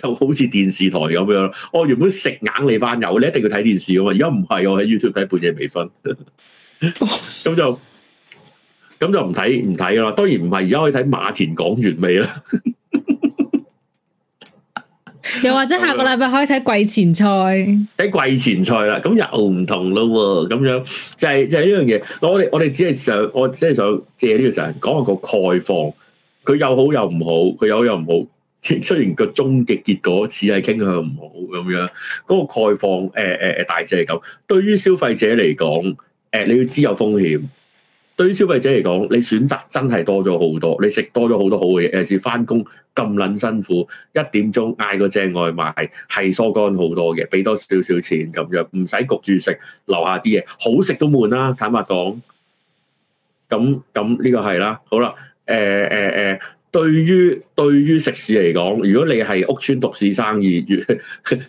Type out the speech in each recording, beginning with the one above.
就好似電視台咁樣咯，我、哦、原本食硬你班友，你一定要睇電視噶嘛。而家唔係我喺 YouTube 睇半夜微醺，咁就咁就唔睇唔睇噶啦。當然唔係，而家可以睇馬田講完味啦，呵呵又或者下個禮拜可以睇季前賽，睇季前賽啦。咁又唔同咯喎，咁樣就係、是、就係呢樣嘢。我我我哋只係想，我即係想借呢個時間講下個概況，佢又好又唔好，佢又好又唔好。雖然個終極結果只係傾向唔好咁樣，嗰、那個概況誒誒誒大致咁，對於消費者嚟講，誒、呃、你要知有風險。對於消費者嚟講，你選擇真係多咗好多，你食多咗好多好嘅嘢。尤其是翻工，咁撚辛苦，一點鐘嗌個正外賣係疏肝好多嘅，俾多少少錢咁樣，唔使焗住食，留下啲嘢好食都悶啦。坦白講，咁咁呢個係啦，好啦，誒誒誒。呃呃對於對於食肆嚟講，如果你係屋村獨市生意，啲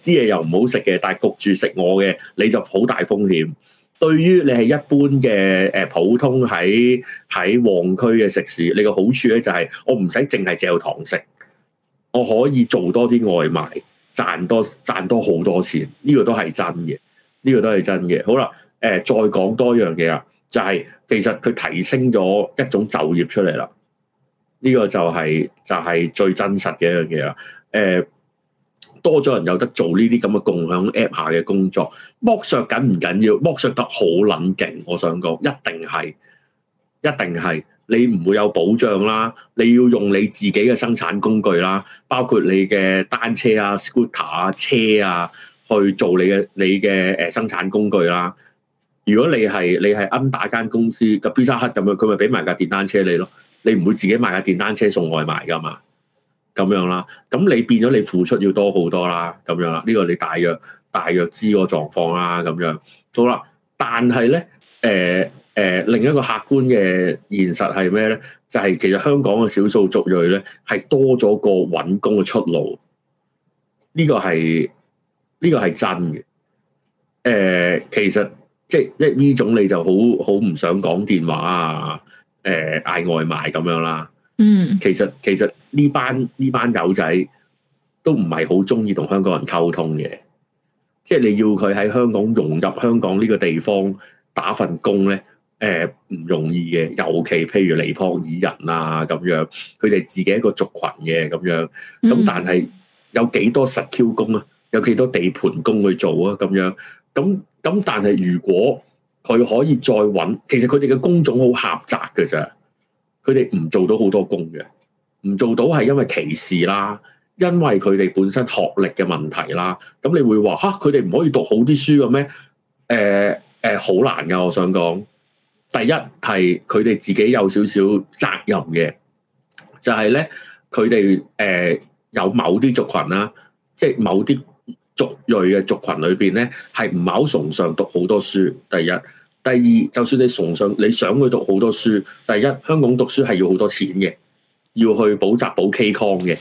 嘢又唔好食嘅，但係焗住食我嘅，你就好大風險。對於你係一般嘅、呃、普通喺喺旺區嘅食肆，你個好處咧就係、是、我唔使淨係借個堂食，我可以做多啲外賣，賺多賺多好多、多錢。呢、這個都係真嘅，呢、這個都係真嘅。好啦、呃，再講多一樣嘢啊，就係、是、其實佢提升咗一種就業出嚟啦。呢個就係、是、就係、是、最真實嘅一樣嘢啦。誒、呃，多咗人有得做呢啲咁嘅共享 app 下嘅工作，剝削緊唔緊要？剝削得好撚勁，我想講，一定係，一定係。你唔會有保障啦，你要用你自己嘅生產工具啦，包括你嘅單車啊、scooter 啊、車啊，去做你嘅你嘅誒生產工具啦。如果你係你係 under 間公司 Pizza Hut 咁樣，佢咪俾埋架電單車你咯。你唔會自己買架電單車送外賣噶嘛？咁樣啦，咁你變咗你付出要多好多啦，咁樣啦，呢、這個你大約大約知個狀況啦，咁樣好啦。但係咧，誒、呃、誒、呃，另一個客觀嘅現實係咩咧？就係、是、其實香港嘅少數族裔咧，係多咗個搵工嘅出路。呢、這個係呢、這個係真嘅。誒、呃，其實即係即係呢種你就好好唔想講電話啊。誒嗌、呃、外賣咁樣啦，嗯，其實，其實其實呢班呢班友仔都唔係好中意同香港人溝通嘅，即係你要佢喺香港融入香港呢個地方打份工咧，誒唔容易嘅，尤其譬如尼泊爾人啊咁樣，佢哋自己一個族群嘅咁樣，咁但係有幾多 Secu 工啊？有幾多地盤工去做啊？咁樣咁咁，但係如果。佢可以再揾，其實佢哋嘅工種好狹窄嘅咋，佢哋唔做到好多工嘅，唔做到係因為歧視啦，因為佢哋本身學歷嘅問題啦。咁你會話吓佢哋唔可以讀好啲書嘅咩？誒、呃、誒，好、呃、難噶。我想講，第一係佢哋自己有少少責任嘅，就係咧佢哋誒有某啲族群啦，即係某啲族裔嘅族群裏邊咧，係唔係好崇尚讀好多書？第一。第二，就算你崇尚，你想去讀好多書，第一，香港讀書係要好多錢嘅，要去補習補 K Kwong 嘅。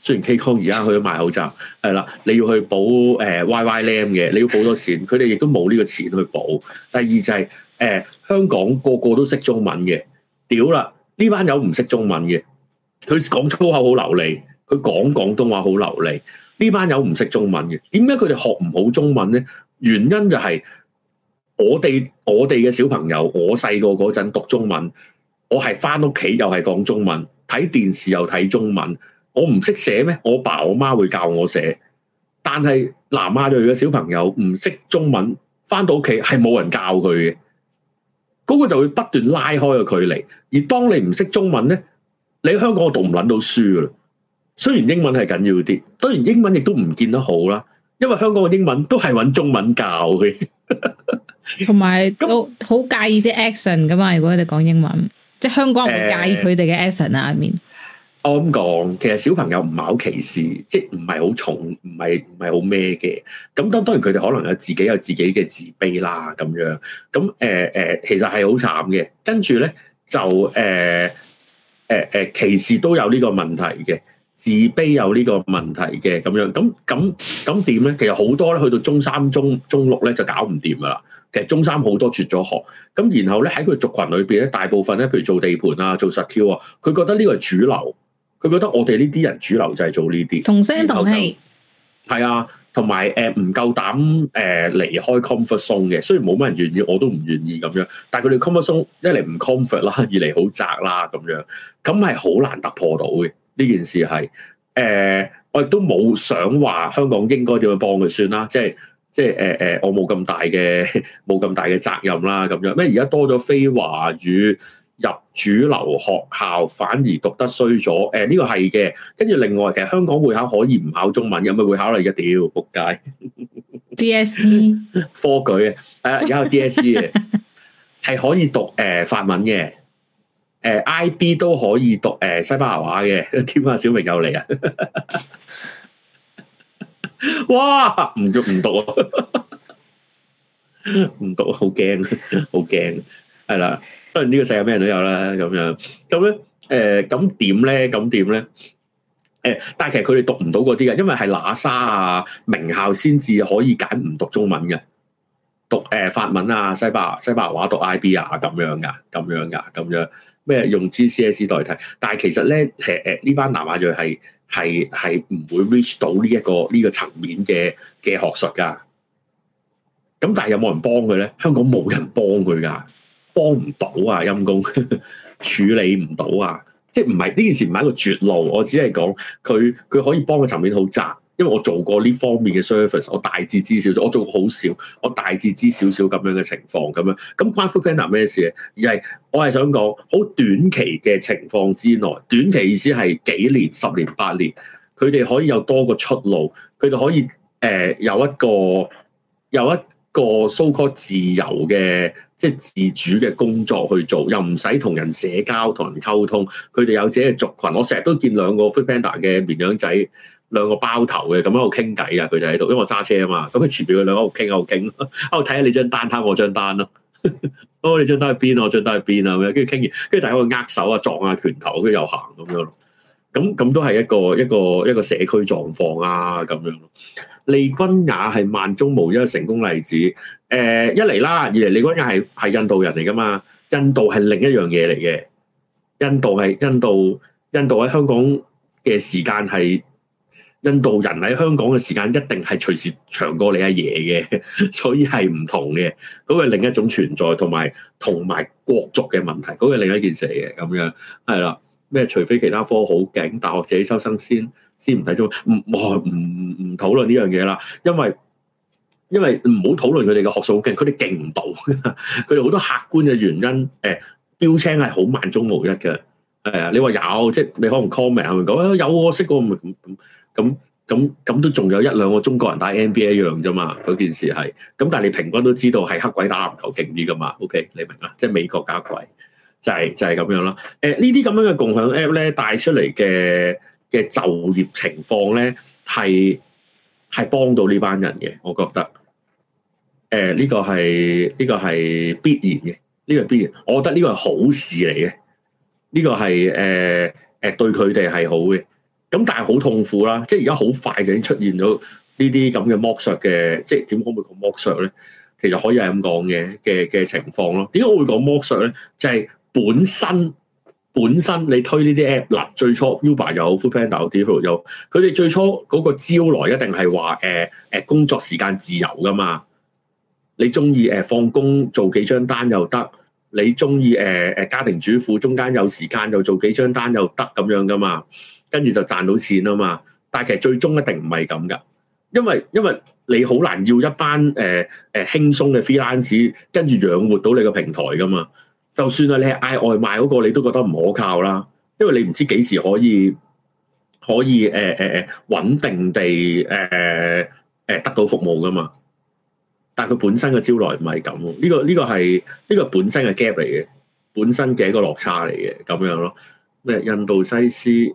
雖然 K Kwong 而家去咗賣口罩，係啦，你要去補誒、呃、Y Y Lam 嘅，你要補多錢，佢哋亦都冇呢個錢去補。第二就係、是、誒、呃、香港個個都識中文嘅，屌啦呢班友唔識中文嘅，佢講粗口好流利，佢講廣東話好流利，呢班友唔識中文嘅，點解佢哋學唔好中文咧？原因就係、是。我哋我哋嘅小朋友，我細個嗰陣讀中文，我係翻屋企又係講中文，睇電視又睇中文，我唔識寫咩？我爸我媽會教我寫，但係南亞裔嘅小朋友唔識中文，翻到屋企係冇人教佢嘅，嗰、那個就會不斷拉開個距離。而當你唔識中文呢，你喺香港讀唔捻到書噶喇。雖然英文係緊要啲，當然英文亦都唔見得好啦，因為香港嘅英文都係揾中文教嘅。 同埋那都好介意啲 accent 噶嘛？如果佢哋講英文，即係香港唔介意佢哋嘅 accent 啊，I mean、呃、我咁講，其實小朋友唔係好歧視，即係唔係好重，唔係唔係好咩嘅。咁當當然佢哋可能有自己有自己嘅自卑啦，咁樣咁誒誒，其實係好慘嘅。跟住咧就誒誒誒歧視都有呢個問題嘅。自卑有呢個問題嘅咁樣，咁咁咁點咧？其實好多咧，去到中三、中中六咧就搞唔掂㗎啦。其實中三好多絕咗學，咁然後咧喺佢族群裏面，咧，大部分咧，譬如做地盤啊、做實 Q 啊，佢覺得呢個係主流，佢覺得我哋呢啲人主流就係做呢啲同聲同氣。係啊，同埋誒唔夠膽誒離開 comfort zone 嘅。雖然冇乜人願意，我都唔願意咁樣。但係佢哋 comfort zone 一嚟唔 comfort 啦，二嚟好窄啦，咁樣咁係好難突破到嘅。呢件事係，誒、呃，我亦都冇想話香港應該點樣幫佢算啦，即係即係誒誒，我冇咁大嘅冇咁大嘅責任啦咁樣。咩而家多咗非華語入主流學校，反而讀得衰咗？誒、呃，呢、這個係嘅。跟住另外，其實香港會考可以唔考中文嘅，有咩會考嚟噶？屌，撲街！DSE 科舉嘅，誒，而家有 DSE 嘅，係可以讀誒、呃、法文嘅。誒、呃、I B 都可以讀誒、呃、西班牙話嘅。添啊，小明又嚟啊！ 哇，唔讀唔讀啊！唔讀，好驚， 好驚。係啦，當然呢個世界咩人都有啦。咁樣咁咧，誒，咁點咧？咁點咧？誒、呃，但係其實佢哋讀唔到嗰啲嘅，因為係喇沙啊，名校先至可以揀唔讀中文嘅，讀誒、呃、法文啊，西班牙西班牙話讀 I B 啊，咁樣噶，咁樣噶，咁樣。咩用 GCS 代替？但係其實咧，誒誒，呢班南亞裔係係係唔會 reach 到呢一個呢個層面嘅嘅學術噶。咁但係有冇人幫佢咧？香港冇人幫佢噶，幫唔到啊，陰公 處理唔到啊。即係唔係呢件事唔係一個絕路，我只係講佢佢可以幫嘅層面好窄。因為我做過呢方面嘅 service，我大致知少少。我做好少，我大致知少少咁樣嘅情況咁樣。咁關 Foodpanda 咩事咧？而係我係想講好短期嘅情況之內，短期意思係幾年、十年、八年，佢哋可以有多個出路，佢哋可以誒、呃、有一個有一個 so call 自由嘅即係自主嘅工作去做，又唔使同人社交、同人溝通，佢哋有自己嘅族群。我成日都見兩個 Foodpanda 嘅綿羊仔。兩個包頭嘅咁喺度傾偈啊，佢就喺度，因為我揸車啊嘛。咁佢前面佢兩喺度傾喺度傾，我睇下你張單，睇下我張單咯。哦，你張單喺邊，我張單喺邊啊咁樣。跟住傾完，跟住大家握手啊，撞下拳頭，跟住又行咁樣咯。咁咁都係一個一個一個社區狀況啊咁樣咯。利君雅係萬中無一嘅成功例子。誒、呃，一嚟啦，二嚟利君雅係係印度人嚟噶嘛？印度係另一樣嘢嚟嘅。印度係印度，印度喺香港嘅時間係。印度人喺香港嘅時間一定係隨時長過你阿爺嘅，所以係唔同嘅，嗰個另一種存在同埋同埋國族嘅問題，嗰個係另一件事嚟嘅咁樣，係啦。咩？除非其他科好勁，大學自己收生先先唔睇中，唔我唔唔討論呢樣嘢啦，因為因為唔好討論佢哋嘅學數好勁，佢哋勁唔到，佢哋好多客觀嘅原因，誒標青係好萬中無一嘅，係你話有，即係你可能 comment 咁講，啊，有我識過咁咁咁都仲有一兩個中國人打 NBA 一樣啫嘛，嗰件事係。咁但係你平均都知道係黑鬼打籃球勁啲噶嘛？OK，你明啊？即係美國家鬼就係就係咁樣咯。誒呢啲咁樣嘅共享 app 咧帶出嚟嘅嘅就業情況咧係係幫到呢班人嘅，我覺得。誒，呢個係呢個係必然嘅，呢個必然。我覺得呢個係好事嚟嘅，呢個係、呃呃、對佢哋係好嘅。咁但係好痛苦啦，即係而家好快就已經出現咗呢啲咁嘅剝削嘅，即係點講？會講剝削咧，其實可以係咁講嘅嘅嘅情況咯。點解我會講剝削咧？就係、是、本身本身你推呢啲 app 嗱，最初 Uber 有，Foodpanda 有，佢哋最初嗰個招來一定係話誒誒工作時間自由噶嘛。你中意誒放工做幾張單又得，你中意誒誒家庭主婦中間有時間又做幾張單又得咁樣噶嘛。跟住就賺到錢啊嘛！但係其實最終一定唔係咁㗎，因為因為你好難要一班誒誒輕鬆嘅 freelancer 跟住養活到你個平台㗎嘛。就算係你係嗌外賣嗰個，你都覺得唔可靠啦，因為你唔知幾時可以可以誒誒穩定地誒誒、呃呃、得到服務㗎嘛。但係佢本身嘅招來唔係咁喎，呢個呢個係呢個本身嘅 gap 嚟嘅，本身嘅一個落差嚟嘅咁樣咯。咩印度西施？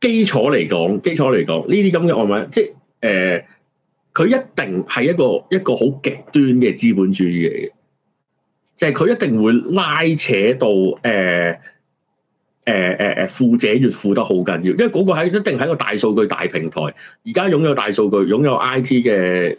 基礎嚟講，基礎嚟講，呢啲咁嘅案例，即係誒，佢、呃、一定係一個一個好極端嘅資本主義嚟嘅，就係、是、佢一定會拉扯到誒誒誒誒富者越富得好緊要，因為嗰個係一定係一個大數據大平台，而家擁有大數據、擁有 I T 嘅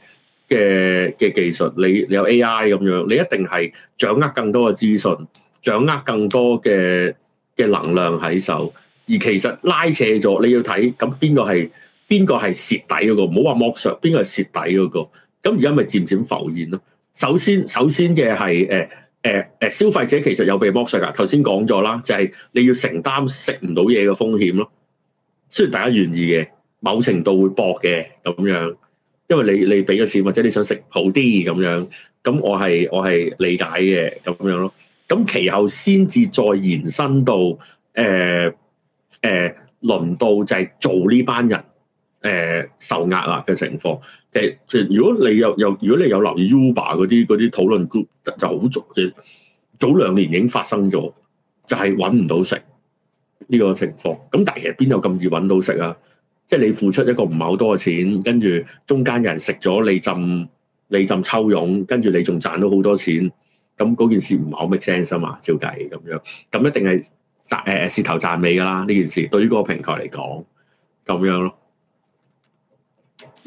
嘅嘅技術，你你有 A I 咁樣，你一定係掌握更多嘅資訊，掌握更多嘅嘅能量喺手。而其實拉扯咗，你要睇咁邊個係邊個係蝕底嗰個？唔好話剝削，邊個係蝕底嗰個？咁而家咪漸漸浮現咯。首先，首先嘅係誒誒誒，消費者其實有被剝削噶。頭先講咗啦，就係、是、你要承擔食唔到嘢嘅風險咯。雖然大家願意嘅，某程度會搏嘅咁樣，因為你你俾咗錢或者、就是、你想食好啲咁樣，咁我係我係理解嘅咁樣咯。咁其後先至再延伸到誒。欸誒、呃、輪到就係做呢班人誒、呃、受壓啦嘅情況即係如果你有有，如果你有留意 Uber 嗰啲嗰啲討論 group，就好早嘅早兩年已經發生咗，就係揾唔到食呢個情況。咁但係其實邊有咁易揾到食啊？即係你付出一個唔係好多嘅錢，跟住中間人食咗你浸你浸抽傭，跟住你仲賺到好多錢，咁嗰件事唔係好 make sense 啊嘛，照計咁樣，咁一定係。讚誒，試頭讚尾噶啦，呢件事對於個平台嚟講，咁樣咯。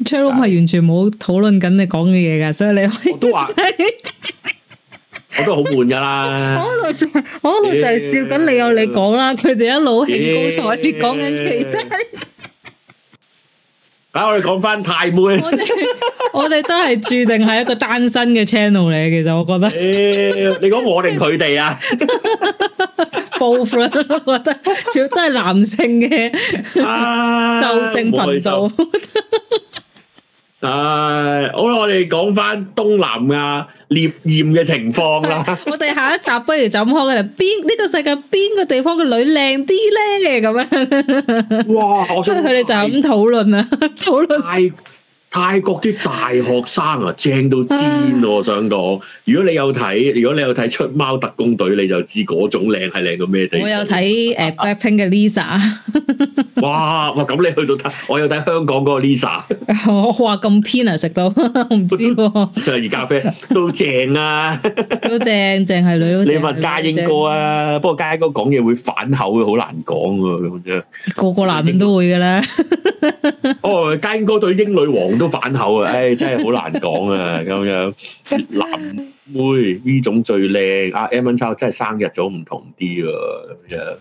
channel 係完全冇討論緊你講嘅嘢噶，所以你可以都話，我都好悶噶啦。我一路我一路就係笑緊你，有你講啦，佢哋一路興高采烈講緊其他。啊，我哋講翻太妹，我哋我哋都係注定係一個單身嘅 channel 嚟嘅，其實我覺得，你講我定佢哋啊？暴甩咯，覺得主要都係男性嘅獸性頻道。誒，好啦，我哋講翻東南亞獵艷嘅情況啦。我哋下一集不如就咁開嘅，邊呢個世界邊個地方嘅女靚啲咧？咁樣。哇！所以佢哋就咁討論啊，討論。泰國啲大學生啊，正到癲咯！我想講，如果你有睇，如果你有睇《出貓特工隊》，你就知嗰種靚係靚到咩地步。我有睇誒 Blackpink 嘅 Lisa，哇哇！咁你去到睇，我有睇香港嗰個 Lisa。我話咁偏啊，食到我唔知喎。係而咖啡都正啊，都正正係女。你問家英哥啊？不過家英哥講嘢會反口，會好難講喎咁樣。個個男人都會㗎啦。哦，家英哥對英女皇，都反口啊！唉，真係好難講啊，咁樣男妹呢種最靚啊！阿文超真係生日咗唔同啲喎，咁樣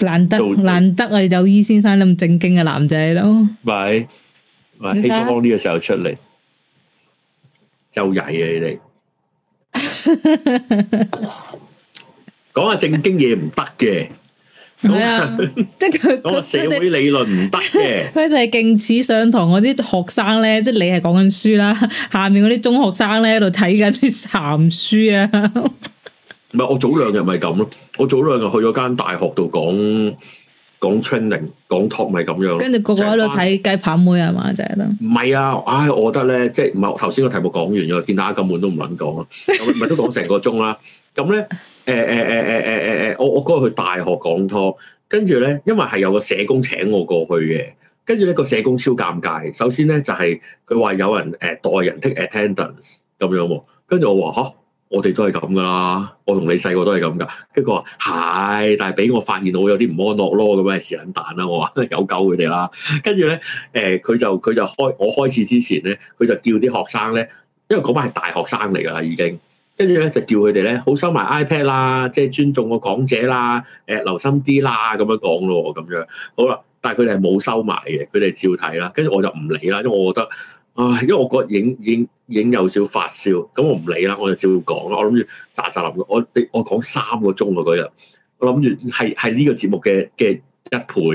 難得難得啊！周姨先生咁正經嘅男仔咯，咪咪喺呢個時候出嚟，就曳啊你哋！講下正經嘢唔得嘅。係啊，即係佢個社會理論唔得嘅，佢哋係勁似上堂嗰啲學生咧，即係你係講緊書啦，下面嗰啲中學生咧喺度睇緊啲鹹書啊。唔係我早兩日咪咁咯，我早兩日去咗間大學度講講 training，講 talk 咪咁樣咯。跟住個個喺度睇雞扒妹啊嘛，就係咯。唔係啊，唉，我覺得咧，即係唔係頭先個題目講完咗，見大家咁悶都唔肯講咯，唔係 都講成個鐘啦。咁咧。誒誒誒誒誒誒誒，誒，我我嗰日去大學講拖，跟住咧，因為係有個社工請我過去嘅，跟住咧個社工超尷尬。首先咧就係佢話有人誒代人 take attendance 咁樣喎，跟住我話吓，啊，我哋都係咁噶啦，我同你細個都係咁噶。跟住佢話係，但係俾我發現我有啲唔安樂咯，咁嘅事很蛋啦。我話有救佢哋啦。跟住咧，誒佢就佢就開我開始之前咧，佢就叫啲學生咧，因為嗰班係大學生嚟噶啦，已經。跟住咧就叫佢哋咧好收埋 iPad 啦，即係尊重個講者啦，誒、呃、留心啲啦，咁樣講咯，咁樣好啦。但係佢哋係冇收埋嘅，佢哋照睇啦。跟住我就唔理啦，因為我覺得，唉，因為我覺得影影影有少發燒，咁我唔理啦，我就照講啦。我諗住扎扎立，我你我講三個鐘啊嗰日，我諗住係係呢個節目嘅嘅一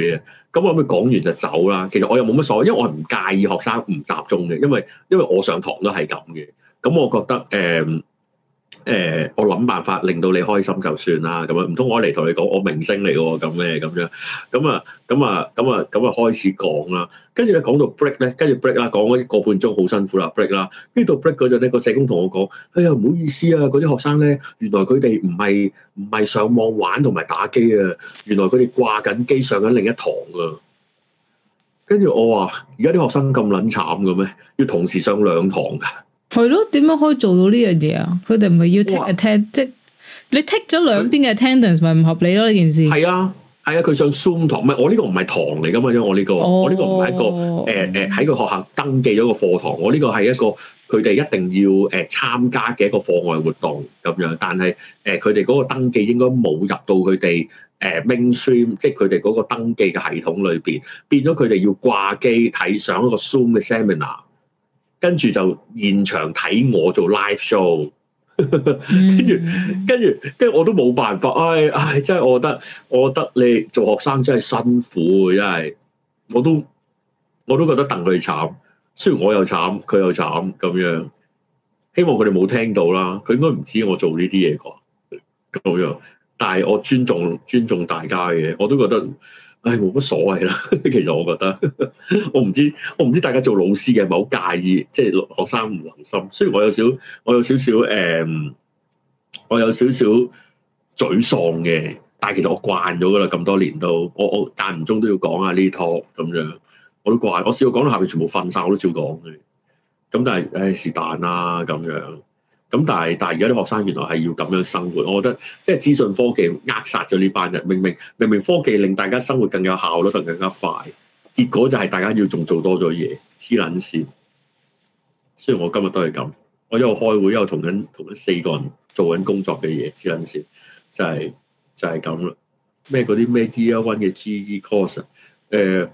倍啊。咁我諗住講完就走啦。其實我又冇乜所謂，因為我唔介意學生唔集中嘅，因為因為我上堂都係咁嘅。咁我覺得誒。呃誒，我諗辦法令到你開心就算啦，咁樣唔通我嚟同你講，我明星嚟喎，咁咩咁樣？咁啊，咁啊，咁啊，咁啊開始講啦。跟住咧講到 break 咧，跟住 break 啦，講咗一個半鐘，好辛苦啦，break 啦。呢度 break 嗰陣呢個社工同我講，哎呀，唔好意思啊，嗰啲學生咧，原來佢哋唔係唔係上網玩同埋打機啊，原來佢哋掛緊機上緊另一堂啊。跟住我話，而家啲學生咁撚慘㗎咩？要同時上兩堂㗎？係咯，點樣可以做到呢樣嘢啊？佢哋唔係要 take attendance，你 take 咗兩邊嘅 attendance 咪唔合理咯？呢件事係啊，係啊，佢上 Zoom 堂，唔我呢個唔係堂嚟噶嘛？因為我呢、呢個，哦、我呢個唔係一個誒誒喺個學校登記咗個課堂，我呢個係一個佢哋一定要誒、呃、參加嘅一個課外活動咁樣。但係誒佢哋嗰個登記應該冇入到佢哋誒 Mainstream 即係佢哋嗰個登記嘅系統裏邊，變咗佢哋要掛機睇上一個 Zoom 嘅 Seminar。跟住就現場睇我做 live show， 跟住着、mm. 跟住跟，跟我都冇辦法，唉、哎、唉、哎，真係我覺得我覺得你做學生真係辛苦，真係，我都我都覺得戥佢哋慘，雖然我又慘，佢又慘咁樣。希望佢哋冇聽到啦，佢應該唔知我做呢啲嘢啩。咁樣，但係我尊重尊重大家嘅，我都覺得。唉，冇乜所謂啦。其實我覺得，我唔知，我唔知大家做老師嘅咪好介意，即係學生唔留心。雖然我有少，我有少少誒，um, 我有少少沮喪嘅，但係其實我慣咗噶啦，咁多年都，我我間唔中都要講下呢託咁樣，我都慣。我試過講到下面全部瞓晒。我都照講嘅。咁但係，唉，是但啦，咁樣。咁但係，但係而家啲學生原來係要咁樣生活。我覺得即係資訊科技扼殺咗呢班人。明明明明科技令大家生活更有效率同更加快，結果就係大家要仲做多咗嘢黐撚線。雖然我今日都係咁，我又開會，又同緊同緊四個人做緊工作嘅嘢，黐撚線就係、是、就係咁啦。咩嗰啲咩 Year One 嘅 GE Course？呃、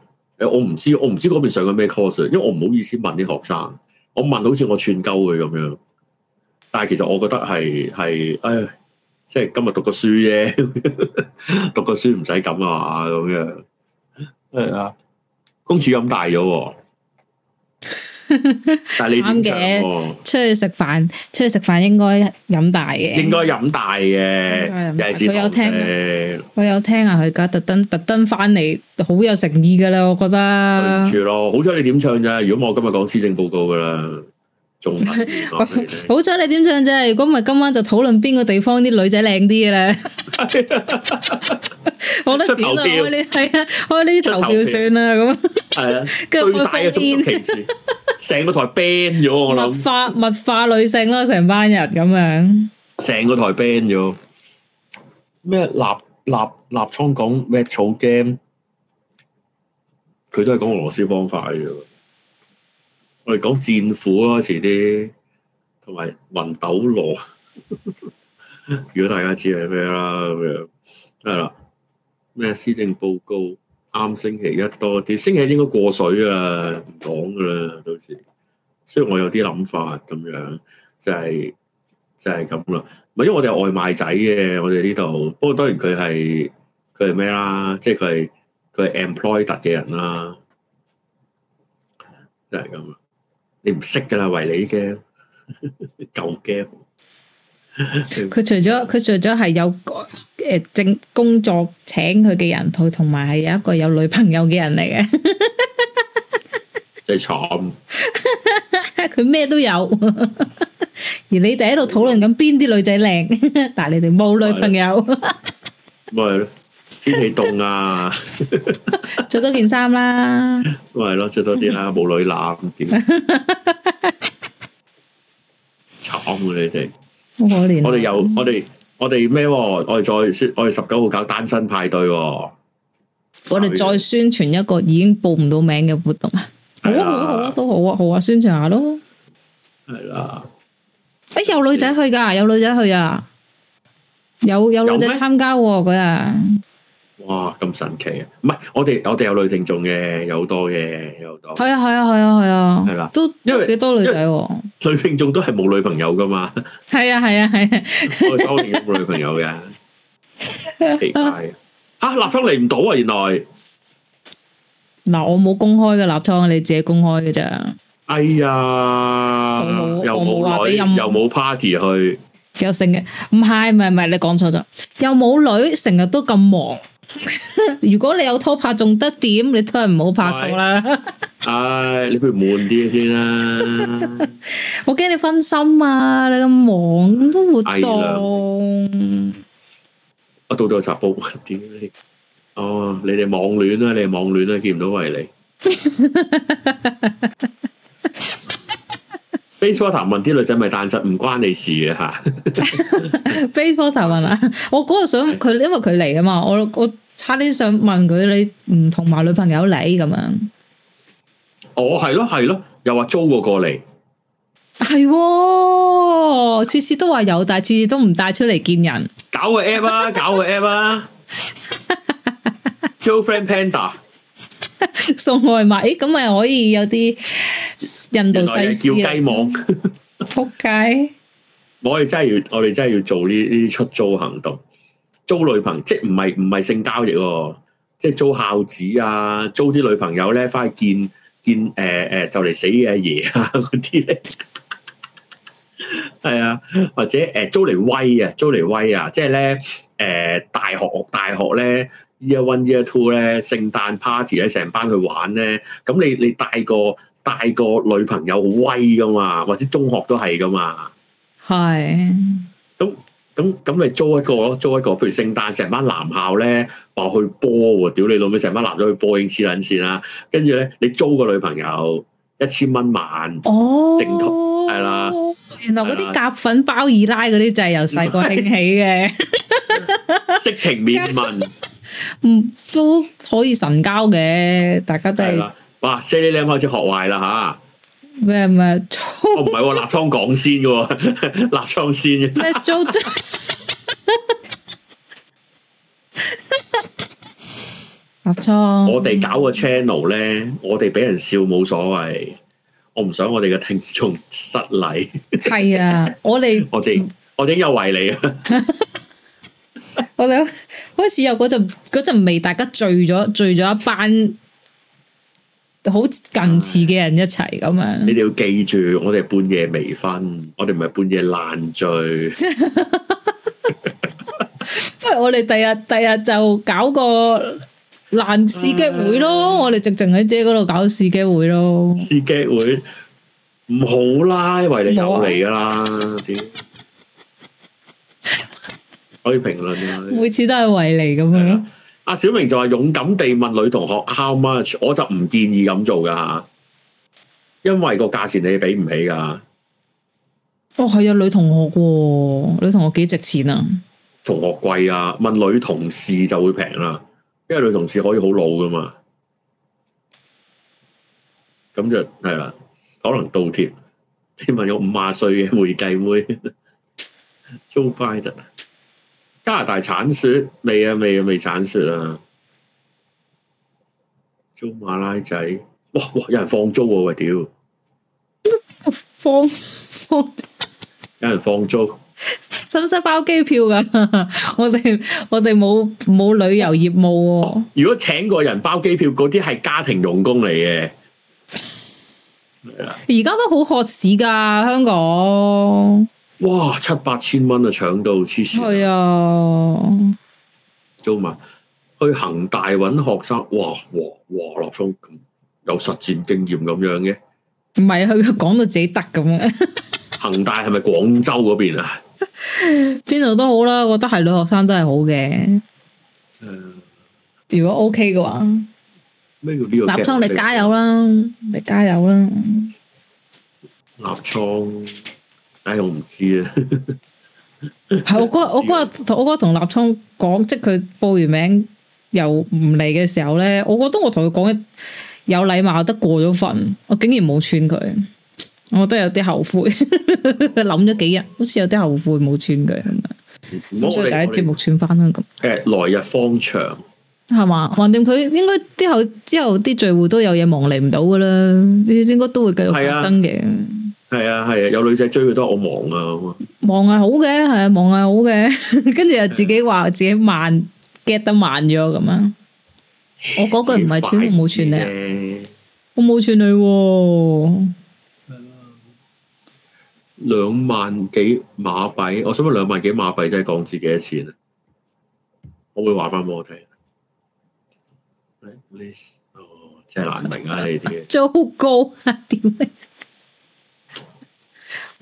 我唔知我唔知嗰邊上緊咩 course，因為我唔好意思問啲學生，我問好似我串鳩佢咁樣。但係其實我覺得係係，唉，即係今日讀個書啫，讀個書唔使咁啊，咁樣啊。咁樣公主飲大咗喎， 但係你點嘅，出去食飯，出去食飯應該飲大嘅，應該飲大嘅。佢有聽嘅，佢有聽啊！佢而家特登特登翻嚟，好有誠意噶啦，我覺得。住咯，好彩你點唱啫？如果我今日講施政報告噶啦。好彩你點唱啫，如果唔係今晚就討論邊個地方啲女仔靚啲嘅咧。好啦，轉啦，開啲係啊，開啲投票算啦，咁。係啊，最大嘅中立歧視，成個台 ban 咗我諗。物化物化女性咯，成班人咁樣。成個台 ban 咗，咩立立立倉講咩草 game，佢都係講俄羅斯方塊嘅。我哋講戰斧啊，遲啲，同埋魂鬥羅，如果大家知係咩啦咁樣，係啦，咩施政報告啱星期一多啲，星期一應該過水啦，唔講噶啦，到時，所以我有啲諗法咁樣，就係就係咁啦，唔係因為我哋係外賣仔嘅，我哋呢度，不過當然佢係佢係咩啦，即係佢係佢係 employee 嘅人啦，即係咁啦。你唔識噶啦，維尼嘅舊 game。佢除咗佢除咗係有個誒正工作請佢嘅人，佢同埋係有一個有女朋友嘅人嚟嘅。真係慘！佢咩都有，而你哋喺度討論緊邊啲女仔靚，但係你哋冇女朋友。咪係咯。天氣凍啊 ！着多件衫啦。喂，係咯，着多啲啦，冇女攬點。慘啊！你哋好可憐。我哋又我哋我哋咩？我哋再宣我哋十九號搞單身派對，哦。我哋再宣傳一個已經報唔到名嘅活動是啊，哦！好啊，好啊，都好啊，好啊，宣傳下咯。係啦。誒，有女仔去噶，有女仔去啊，有有女仔參加佢啊。嗎哇，咁神奇啊！唔係我哋我哋有女聽眾嘅，有好多嘅，有好多。係啊，係啊，係啊，係啊。係啦，都因為幾多女仔。女聽眾都係冇女朋友噶嘛。係啊，係啊，係啊。我哋當然冇女朋友嘅，奇怪啊！吓，立湯嚟，唔到啊！原來嗱，我冇公開嘅立湯，你自己公開嘅啫。哎呀，又冇女，又冇 party 去，又成日唔係唔係唔係，你講錯咗，又冇女，成日都咁忙。 如果你有拖拍仲得點，你都係唔好拍拖啦唉。 唉，你不如悶啲先啦。 我驚你分心啊！你咁忙都活動、嗯。我到咗茶鋪點你？哦，你哋網戀啊！你哋網戀啊！見唔到為你 Facebook 問啲女仔咪但實唔關你事嘅吓。Facebook 問啊，我嗰日想佢，因為佢嚟啊嘛，我我。差啲想問佢你唔同埋女朋友嚟咁樣？哦，係咯，係咯，又話租過過嚟，係，次次都話有，但係次次都唔帶出嚟見人。搞個 app 啊，搞個 app 啊，Girlfriend Panda 送外賣，咁咪可以有啲印度細事啊！叫雞網，撲街！我哋真係要，我哋真係要做呢啲出租行動。租女朋，即係唔係唔係性交易？即係租孝子啊，租啲女朋友咧，翻去見見誒誒、呃呃，就嚟死嘅阿爺啊嗰啲咧，係 啊，或者誒、呃，租嚟威啊，租嚟威啊，即係咧誒，大學大學咧，year one year two 咧，聖誕 party 咧，成班去玩咧，咁你你帶個帶個女朋友好威噶嘛，或者中學都係噶嘛，係是，咁、嗯。咁咁咪租一個咯，租一個，譬如聖誕成班男校咧，話去波喎，屌你老味，成班男仔去波應黐撚線啦，跟住咧，你租個女朋友一千蚊萬哦，正途係啦，原來嗰啲夾粉包二奶嗰啲就係由細個興起嘅，是 色情面問，嗯， 都可以神交嘅，大家都係啦，哇，VVN 開始學壞啦吓。咩唔係？我唔係立倉講先嘅，立倉先嘅。咩做？立倉。我哋搞個 channel 咧，我哋俾人笑冇所謂，我唔想我哋嘅聽眾失禮。係啊，我哋 我哋我哋有為你啊！我哋開始有嗰陣嗰陣味大家醉咗醉咗一班。好近似嘅人一齊咁樣，你哋要記住，我哋半夜微醺，我哋唔係半夜爛醉。 不如我哋第日第日，日，日就搞個爛司機會咯，啊、我哋直情喺姐嗰度搞司機會咯。司機會唔好啦，因為你有嚟噶啦，點、啊、可以評論啊？每次都係為你咁樣。阿小明就話勇敢地問女同學 how much，我就唔建議咁做噶，因為個價錢你俾唔起噶。哦，係啊，女同學，哦，女同學幾值錢啊？同學貴啊，問女同事就會平啦，因為女同事可以好老噶嘛，咁就係啦，可能倒貼。你問有五廿歲嘅會計妹？ 加拿大鏟雪未啊？啊？未啊？未鏟雪啊？租馬拉仔，哇哇！有人放租喎，啊、喂，屌！放放，放有人放租，使唔使包機票噶？啊？我哋我哋冇冇旅遊業務，啊哦。如果請個人包機票，嗰啲係家庭傭工嚟嘅。而家都好渴市噶香港。哇，七八千蚊啊，搶到黐線！係啊，做埋、啊、去恒大揾學生，哇哇哇！立松有實戰經驗咁樣嘅，唔係啊，佢講到自己得咁樣！恒 大係咪廣州嗰邊啊？邊度 都好啦，我覺得係女學生都係好嘅。誒，uh, 如果 OK 嘅話，立松你加油啦！你加油啦！立松。唉，我唔知啊。係 我嗰日，我日同我日同立聰講，即係佢報完名又唔嚟嘅時候咧，我覺得我同佢講嘅有禮貌得過咗份。我竟然冇串佢，我都有啲後悔，諗 咗幾日，好似有啲後悔冇串佢咁啊。所以就喺節目串翻啦。咁誒們，來日方長係嘛？橫掂佢應該之後之後啲聚會都有嘢忙嚟唔到噶啦，呢應該都會繼續發生嘅。係啊，係啊，有女仔追佢都我忙，忙啊咁忙係好嘅，係忙係好嘅，跟住又自己話自己慢 get 得，得慢咗咁啊， 我嗰句唔係串，我冇串你，啊，我冇串你喎，兩萬幾馬幣，我想問兩萬幾馬幣即係港紙幾多錢啊？我會話翻俾我聽，即哦，真係難明啊呢啲，糟糕 啊點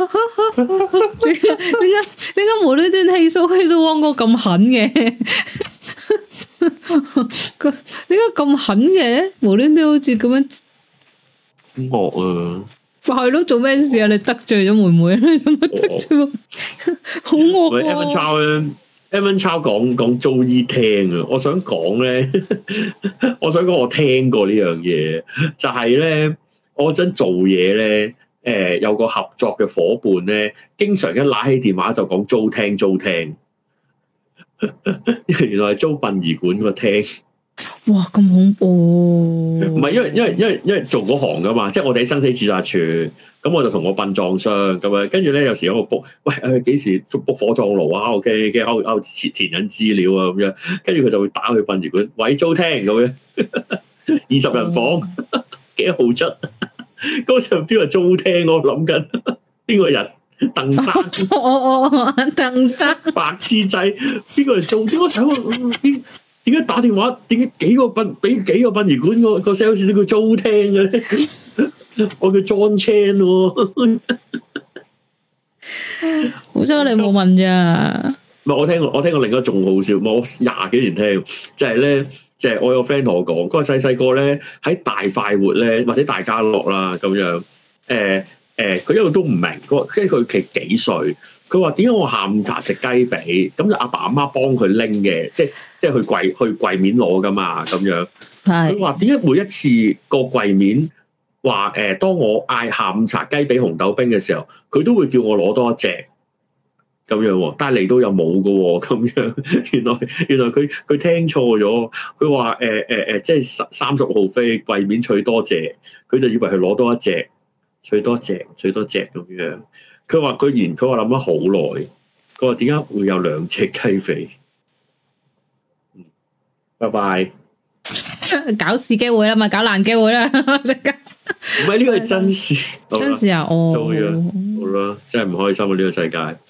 點解？點解無端端起訴佢做旺哥咁狠嘅？點解咁狠嘅？無端端好似咁樣惡啊！快咯，做咩事啊？你得罪咗妹妹咧，點解得罪啊？好惡啊！阿文超咧，阿文超講講中醫聽啊，我想講咧，我想講我聽過呢樣嘢，就係咧，我真做嘢咧。誒，有個合作嘅夥伴咧，經常一拉起電話就講租廳租廳， 原來係租殯儀館個廳，哇咁恐怖！唔係因為因為因為因為做嗰行噶嘛，即係我哋生死註冊處，咁我就同我殯葬商咁啊，跟住咧有時喺度 book，喂，幾時 book 火葬爐啊？O K，跟住 o 前填緊資料啊，咁樣，跟住佢就會打去殯儀館，喂，租廳咁樣，二十人房，幾、哦、 豪質。嗰場邊個租廳，我諗緊邊個人鄧生，我我我鄧生白痴仔，邊個係租？嗰場點點解打電話？點解幾個殯俾幾個殯儀館個 sales 都叫租廳嘅咧？我叫裝車，好彩你冇問咋。唔係我聽過，我聽過另一個仲好笑，我廿幾年聽，就係、是、咧。即係我有個 friend 同我講，佢話細細個咧喺大快活咧，或者大家樂啦咁樣。誒、欸、誒，佢、欸、一路都唔明。即係佢幾歲？佢話點解我下午茶食雞髀，咁就阿爸阿媽幫佢拎嘅，即係即係去櫃去櫃面攞噶嘛咁樣。佢話點解每一次個櫃面話誒、欸，當我嗌下午茶雞髀紅豆冰嘅時候，佢都會叫我攞多一隻。咁樣喎，但係嚟到又冇嘅喎，咁樣，原來原來佢佢聽錯咗，佢話誒誒誒，即係三三十號飛櫃面取多隻，佢就以為佢攞多一隻，取多隻，取多隻咁樣。佢話佢原佢話諗咗好耐，佢話點解會有兩隻雞髀？嗯，拜拜。 搞事機會啦嘛，搞難機會啦。唔係呢個係真事。真事啊我。好啦吧，哦、真係唔開心啊！呢、這個世界。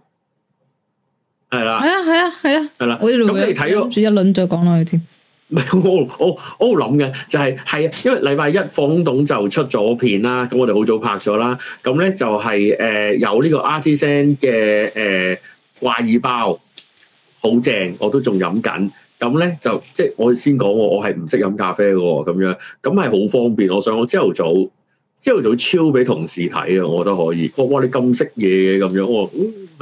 係啦，係啊，係啊，係啊，係啦。咁會你睇咗一輪再講落去。添。 唔係我我我諗嘅就係、是、係，因為禮拜一放空就出咗片啦。咁我哋好早拍咗啦。咁咧就係、是、誒、呃、有呢個 Artisan 嘅誒掛、呃、耳包，好正，我都仲飲緊。咁咧就即係、就是、我先講我，我係唔識飲咖啡嘅喎，咁樣咁係好方便。我想我朝頭早，朝頭早超俾同事睇啊！我都可以。哇哇，你咁識嘢嘅咁樣，係咁嘅啦，咁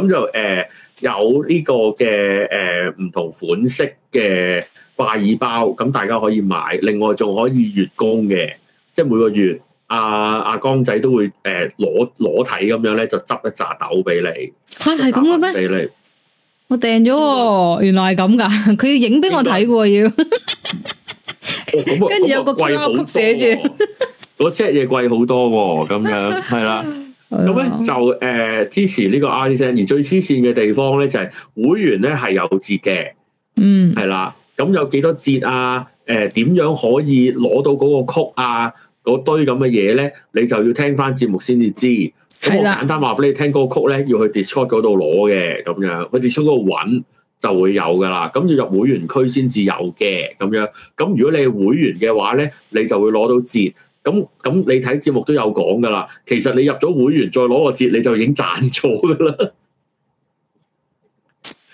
樣咁就誒、呃、有呢個嘅誒唔同款式嘅拜耳包，咁大家可以買。另外仲可以月供嘅，即係每個月阿阿、啊啊、江仔都會誒攞攞睇咁樣咧，就執一紮豆俾你。吓係咁嘅咩？俾你我訂咗，原來係咁噶。佢要影俾我睇嘅要。該 哦、跟住有個曲，我寫住個 set 嘢貴好多，咁 樣係啦。咁咧就誒支持呢個 artist 而最黐線嘅地方咧就係會員咧係有折嘅，嗯、mm.，係啦，咁有幾多折啊？點、呃、樣可以攞到嗰個曲啊？嗰、那個、堆咁嘅嘢咧，你就要聽翻節目先至知。咁的我簡單話俾你聽個呢，個曲咧要去 Discord 嗰度攞嘅，咁樣去 Discord 嗰度揾就會有噶啦。咁要入會員區先至有嘅，咁樣。咁如果你係會員嘅話咧，你就會攞到折。咁咁，你睇節目都有講噶啦。其實你入咗會員再攞個折，你就已經賺咗噶啦。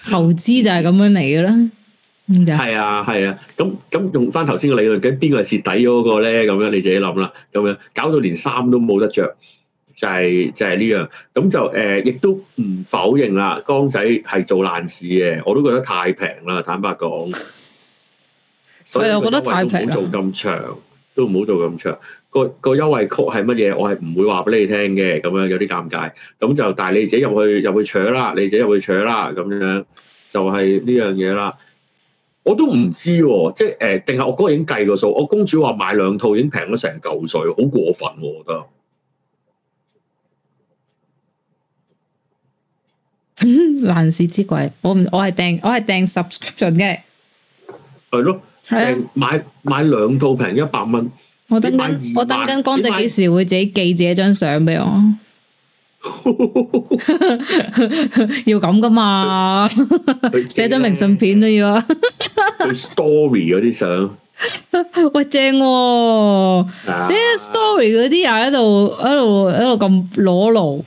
投資就係咁樣嚟噶啦，係啊係啊。咁咁、啊、用翻頭先嘅理論，咁邊個係蝕底嗰個咧？咁樣你自己諗啦。咁樣搞到連衫都冇得着，就係、是、就係、是、呢樣。咁就誒，亦、呃、都唔否認啦。江仔係做爛事嘅，我都覺得太平啦。坦白講，係啊 以，我覺得太平。做咁長，都唔好做咁長。個個優惠 code 係乜嘢？我係唔會話俾你聽嘅，咁樣有啲尷尬。咁就但係你自己入去入去搶啦，你自己入去搶啦，咁樣就係呢樣嘢啦。我都唔知道、哦，即係誒、定、呃、係我哥，哥已經計過數。我公主話買兩套已經平咗成嚿水，好過分、啊，我覺得。 難事之鬼，我唔，我係訂，我係訂 subscription 嘅。係咯，平、呃、買買兩套平一百蚊。我等緊，我等緊，光仔幾時會自己寄自己張相俾我？要咁噶嘛？寫張明信片都要。啲 story 嗰啲相，喂正，啲 story 嗰啲又喺度，喺度，喺度咁裸露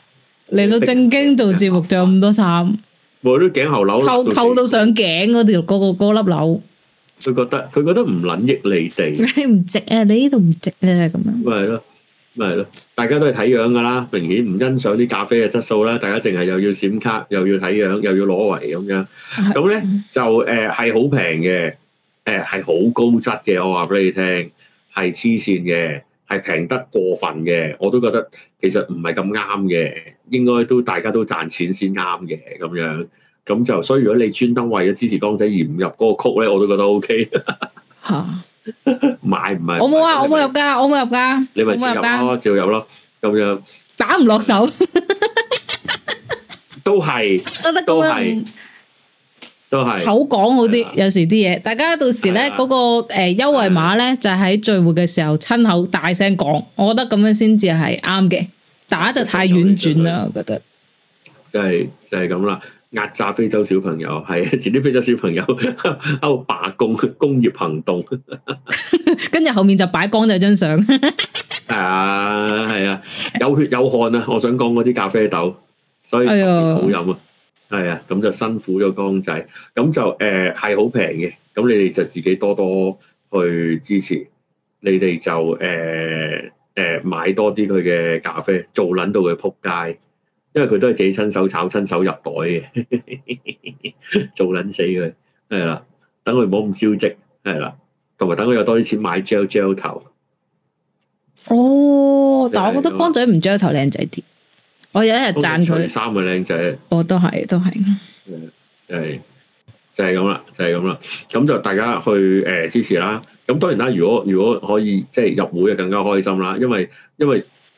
嚟到正經做節目，着咁多衫，我啲頸後鈕扣扣到上頸嗰條，個個個粒鈕。佢覺得佢覺得唔撚益你哋，你唔值啊！你呢度唔值啊！咁樣咪係咯，咪係咯、就是，大家都係睇樣噶啦。明顯唔欣賞啲咖啡嘅質素啦，大家淨係又要閃卡，又要睇樣，又要攞圍咁樣。咁咧的就誒係好平嘅，誒係好高質嘅。我話俾你聽，係黐線嘅，係平得過分嘅。我都覺得其實唔係咁啱嘅，應該都大家都賺錢先啱嘅咁樣。咁就所以，如果你專登為咗支持當仔而唔入嗰個曲咧，我都覺得 O K。吓，買唔係我冇啊，我冇入噶，我冇入噶。你咪照入咯，照入咯，咁樣打唔落手，都係，都係，都係，口講好啲。有時啲嘢，大家到時咧嗰個誒優惠碼咧，就喺聚會嘅時候親口大聲講，我覺得咁樣先至係啱嘅。打就太婉轉啦，我覺得。就係就係咁啦。壓榨非洲小朋友，係啊！前啲非洲小朋友喺度、哦、罷工，工業行動，跟住 後，後面就擺光仔張相。係啊、哎呀，係啊， 有血有汗啊！我想講嗰啲咖啡豆，所以好飲啊，係啊、哎呦，咁就辛苦咗光仔，咁就誒係好平嘅，咁、呃、你哋就自己多多去支持，你哋就誒誒、呃呃、買多啲佢嘅咖啡，做撚到佢撲街。因為佢都係自己親手炒、親手入袋嘅，做捻死佢，係啦。等佢唔好咁消極，係啦。同埋等佢有多啲錢買 gel gel 頭。哦，的但我覺得光仔唔 gel 頭靚仔啲。樣我有一日讚佢。三個靚仔。我都係，都係。係就係咁啦，就係咁啦。咁、就是、就大家去誒、呃、支持啦。咁當然啦，如果如果可以即係入會啊，更加開心啦。因為因為。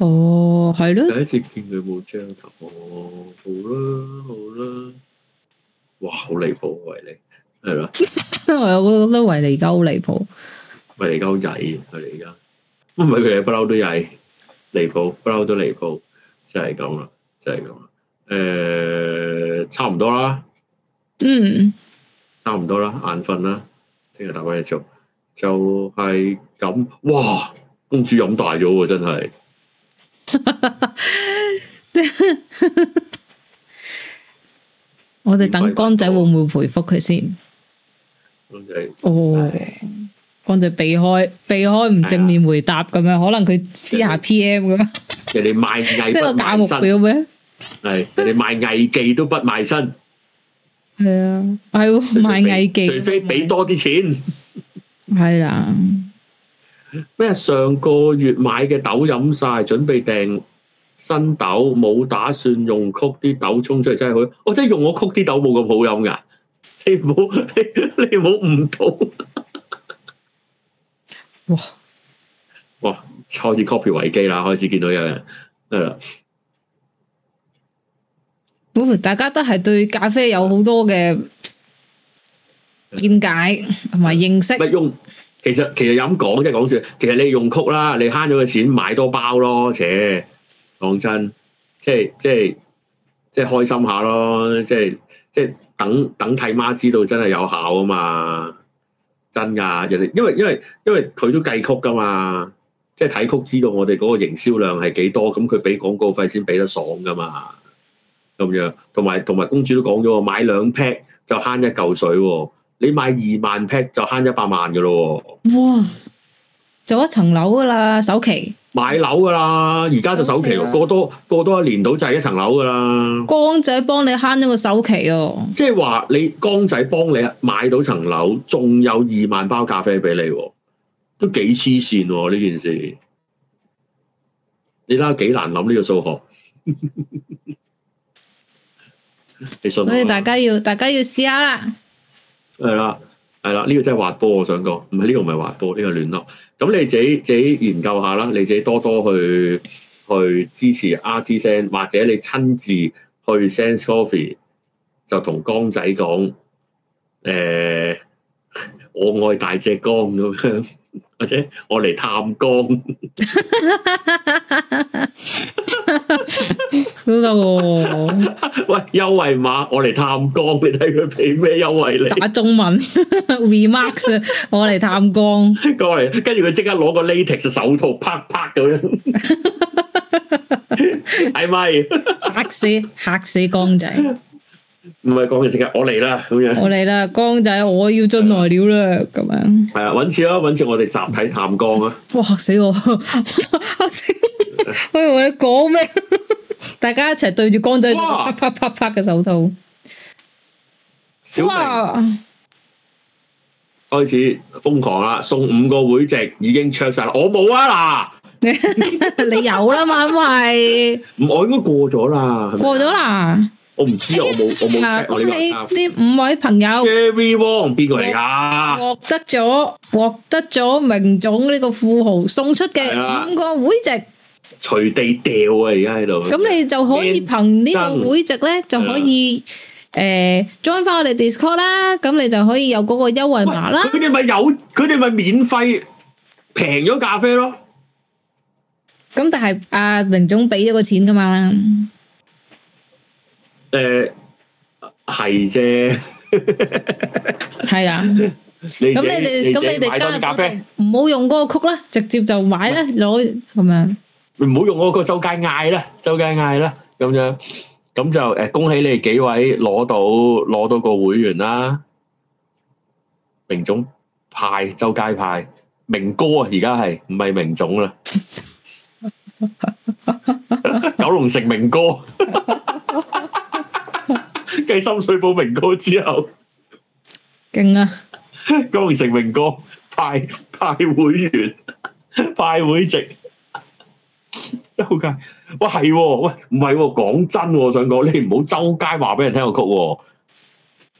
哦，係咯。第一次見佢冇張頭，哦，好啦好啦，哇，好離譜，維尼，係啦。 我覺得維尼而家好離譜，維尼 而家好曳，佢而家，唔係佢哋不嬲都曳，離譜，不嬲都離譜，就係咁啦，就係咁。誒、呃，差唔多啦。嗯，差唔多啦，眼瞓啦，聽日大把嘢做，就係咁。哇，公主飲大咗喎，真係～哈哈哈！我哋等江仔會唔會回覆佢先？哦，江仔避開避開，唔正面回答咁樣，可能佢私下 PM 㗎。人哋賣藝都唔賣身咩？係人哋賣藝技都不賣身。係啊，係賣藝技，除非俾多啲錢。係啦。咩？上個月買嘅豆飲晒，準備訂新豆，冇打算用曲啲豆沖出嚟，真係好。我真係用我曲啲豆冇咁好飲㗎，你冇你你冇唔到。哇！哇！開始 copy 維基啦，開始見到有人誒。似乎大家都係對咖啡有好多嘅見解同埋認識。用。其實其實咁講即係講笑，其實你用曲啦，你慳咗個錢買多包咯，且講真，即係即係即係開心一下咯，即係即係等等替媽知道真係有效啊嘛，真噶，人哋因為因為因為佢都計曲噶嘛，即係睇曲知道我哋嗰個營銷量係幾多，咁佢俾廣告費先俾得爽噶嘛，咁樣，同埋同埋公主都講咗，買兩 pack 就慳一嚿水喎，啊。你買二萬 pack 就慳一百萬噶咯，哇！就一層樓噶啦，首期買樓噶啦，而家就首期，過多過多一年到就係一層樓噶啦。光仔幫你慳咗個首期哦，即係話你光仔幫你買到層樓，仲有二萬包咖啡俾你，都幾黐線喎呢件事。你睇下幾難諗呢個數學， 我所以大家要大家要試下啦。係啦，係啦，呢、這個真係滑波，我想講，唔係呢個唔係滑波，呢、這個暖咯。咁你自己自己研究一下啦，你自己多多去去支持 Artisan，或者你親自去 Sense Coffee 就同江仔講，誒、呃，我愛大隻江咁樣，或者我嚟探江。 喂，優惠碼我嚟探光，你睇佢俾咩優惠你？打中文 remark， 我嚟探光，過嚟，跟住佢即刻攞個 latex 手套啪啪咁樣，係咪嚇死嚇死光仔？ 唔係光面食嘅，我嚟啦咁樣，我嚟啦，光仔，我要進來了啦，咁樣係啊，搵次啊，搵次我哋集體探光啊！哇嚇死我，嚇死我 我以為你，你講咩？大家一齊對住光仔哇啪啪啪啪嘅手套，小明哇開始瘋狂啦！送五個會籍已經 check 晒，我冇啊嗱， 你有啦嘛，因為唔我應該過咗啦，係咪過咗啦。我唔知啊，我冇我冇 check 我啲名。嗱，咁呢五位朋友，Chevy Wong 邊個嚟噶？獲得咗，獲得咗明總呢個富豪送出嘅五個會籍，隨地掉啊！而家喺度。咁你就可以憑呢個會籍咧，就可以誒 join 翻我哋 Discord 啦。咁你就可以有嗰個優惠碼啦。佢哋咪有，佢哋咪免費平咗咖啡咯。咁但係阿明總俾咗個錢噶嘛？誒，係啫，係啊。咁你哋，咁你哋加入咖啡，唔好用嗰個曲啦，直接就買啦，攞咁樣。唔好用嗰個周街嗌啦，周街嗌啦，咁樣，咁就誒，恭喜你哋幾位攞到攞到個會員啦。明總派周街派明哥啊，而家係唔係明總啦？九龍城明哥。繼《心水寶明哥之後，勁啊！江榮成明哥派派會員派會籍，周街、哦、喂係喂唔係？講真、哦，我想講你唔好周街話俾人聽個曲、哦。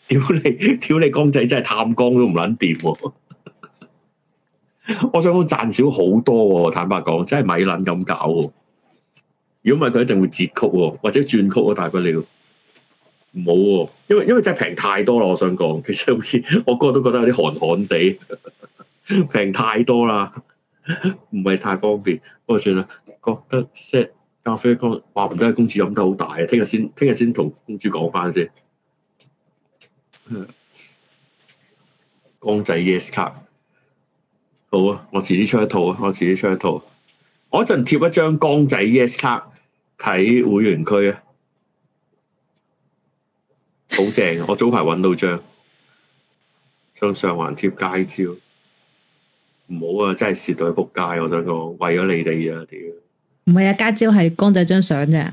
屌你，屌你，江仔真係探江都唔捻掂。我想講賺少好多、哦，坦白講真係米捻咁搞、哦。如果唔問佢一定會截曲、哦、或者轉曲啊，大不了。唔好喎、啊，因為因為真係平太多啦！我想講，其實好似我個個都覺得有啲寒寒地，平太多啦，唔係太方便。不過算啦，覺得 set 咖啡缸話唔得，公主飲得好大啊！聽日先，聽日先同公主講翻先。光仔 yes 卡好啊！我自己出一套啊！我自己出一套。我一陣貼一張光仔 yes 卡喺會員區啊！好正！我早排揾到張，張上上環貼街招，唔好啊！真係蝕到去仆街，我想講為咗你哋啊！屌，唔係啊！街招係公仔張相啫，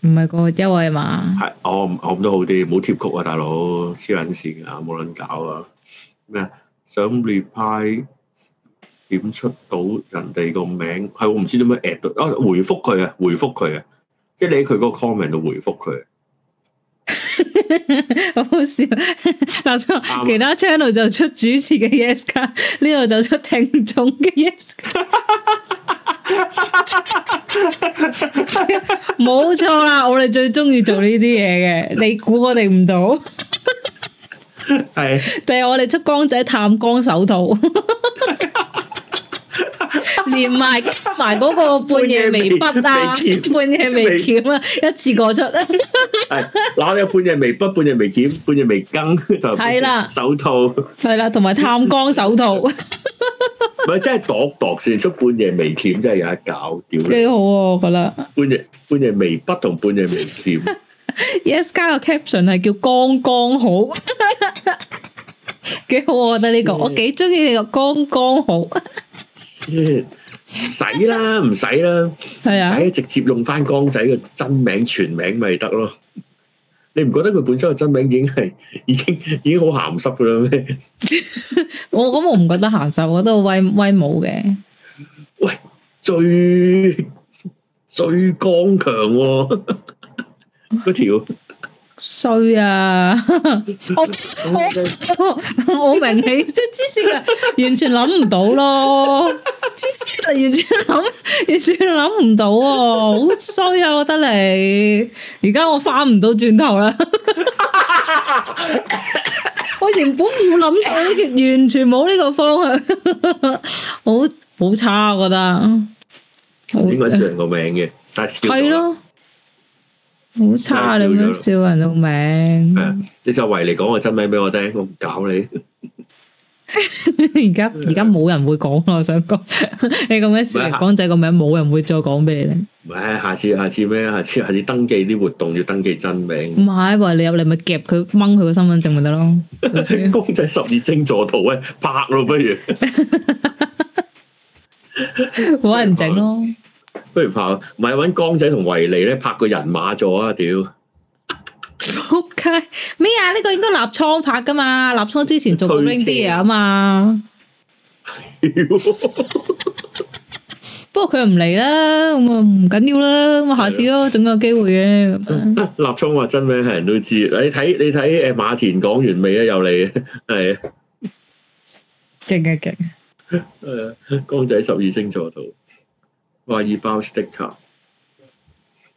唔係個優惠嘛？係，我我咁都好啲，唔好貼曲啊，大佬黐撚線啊，冇撚搞啊！咩啊？想 reply 點出到人哋個名？係我唔知點樣 at 到啊？回覆佢啊，回覆佢啊！即係你喺佢個 comment 度回覆佢。好 好笑，嗱，其他 channel 就出主持嘅 yes 卡，呢度就出聽眾嘅 yes 卡，冇錯啦，我哋最中意做呢啲嘢嘅，你估我哋唔到，係，定係我哋出光仔探光手套。 連埋出埋嗰個半夜眉筆啊，半夜眉鉗啊，一次過出。係嗱，你半夜眉筆、半夜眉鉗、半夜眉更，同埋手套，係啦，同埋探光手套。唔係真係度度算出半夜眉鉗，真係有得搞，屌！幾好啊，我覺得半夜半夜眉筆同半夜眉鉗。Yes 加個 caption 係叫剛剛好，幾好啊！我覺得呢個，我幾中意你個剛剛好。唔使啦，唔使啦，係啊 直接用翻江仔嘅真名全名咪得咯。你唔覺得佢本身嘅真名已經係已經已經好咸濕嘅啦咩？我咁我唔覺得咸濕，我覺得威威武嘅。喂，最最剛強嗰條。 衰啊！我我我明你即係芝士完全諗唔到咯，芝士嘅完全諗，完全諗唔到，好、啊、衰啊！我覺得你，而家我翻唔 到轉頭啦，我原本冇諗到嘅，完全冇呢個方向，好好差，我覺得。我應該上個名嘅，但係笑咗好差啊，你咁樣笑人個名。係啊，你作為嚟講個真名俾我聽，我搞你。而家而家冇人會講啦，我想講，你咁樣笑講仔個名，冇人會再講俾你聽。唔係，下次下次咩啊？下次下次登記啲活動要登記真名。唔係，話你入你咪夾佢掹佢個身份證咪得咯。請公仔十二星座圖咧，拍咯不如，冇人整咯。不如拍咪揾江仔同維尼咧拍個人馬座啊！屌仆街咩啊？呢、okay, 呢個應該立倉拍噶嘛？立倉之前仲拎啲嘢啊嘛？ 不過佢又唔嚟啦，咁啊唔緊要啦，咁下次咯，的總有機會嘅。立倉話真名係人都知，你睇你睇誒馬田講完未啊？又嚟係勁啊勁！誒， 江仔十二星座圖。話二包 sticker，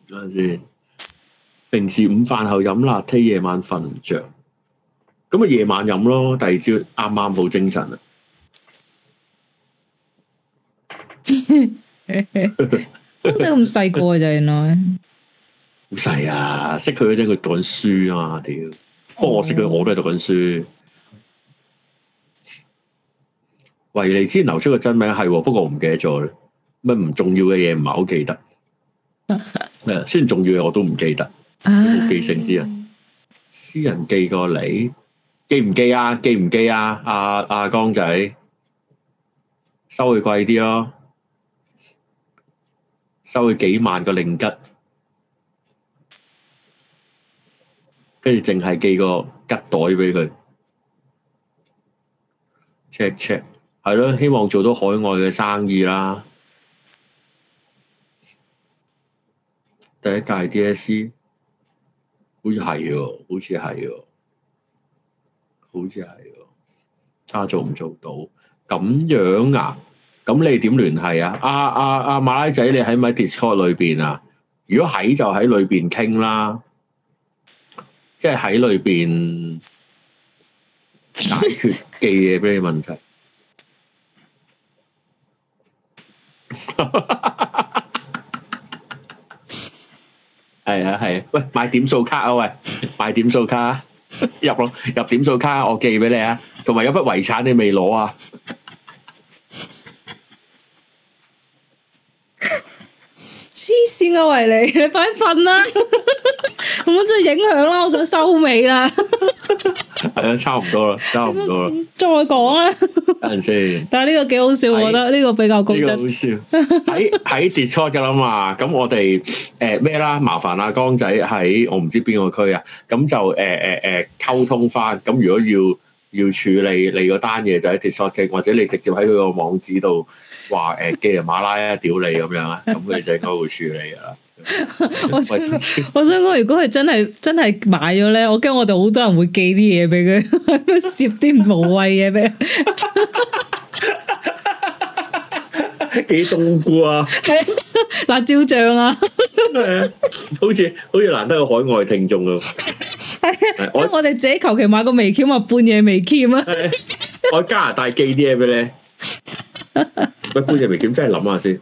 等先。平時午飯後飲辣，聽夜晚瞓唔着，咁啊夜晚飲咯，第二朝啱啱好精神啊！真係咁細個嘅就原來，好細啊！識佢嗰陣佢讀緊書啊嘛，屌！不過我識佢，我都係讀緊書。喂，你之前流出個真名係、啊，不過我唔記得咗乜唔重要嘅嘢唔係好記得，誒，雖然重要嘅我都唔記得，冇記性之啊，私人寄過嚟，寄唔寄啊？寄唔寄啊？阿阿江仔，收佢貴啲咯，收佢幾萬個令吉，跟住淨係寄個吉袋俾佢，check check，係咯，希望做到海外嘅生意啦。第一屆 d s c 好似係喎，好似係喎，好似係喎，差、啊、做唔做到咁樣啊？咁你點聯繫啊？啊啊阿、啊、馬拉仔，你喺咪喺 Discord 裏邊啊？如果喺就喺裏邊傾啦，即係喺裏邊解決嘅嘢俾你問題。 係啊係啊，喂，買點數卡啊喂，買點數卡入咯，入點數卡，我寄俾你啊，同埋有筆遺產你未攞啊，黐線啊維尼，你快瞓啦，咁真係影響啦，我想收尾啦。係啊， 差唔多啦，差唔多啦。再講啊，等陣先。但係呢個幾好笑，是我覺得呢個比較高質。好笑，喺喺跌錯噶啦嘛。咁我哋誒咩啦？麻煩阿、啊、江仔喺我唔知邊個區啊。咁就誒誒誒溝通翻。咁如果要要處理你嗰單嘢，就喺跌錯證，或者你直接喺佢個網址度話誒，叫、呃、人馬拉啊，屌你咁樣啊。咁佢 就應該會處理啊。我想說，我想講，如果係真係真係買咗咧，我驚我哋好多人會寄啲嘢俾佢，攝啲無謂嘢俾。幾凍啩？辣椒醬啊， 啊！好似好似難得有海外聽眾 啊！我哋自己求其買個微醺啊，半夜微醺啊！ 哎、我加拿大寄啲嘢俾你，喂半夜微醺真係諗下先。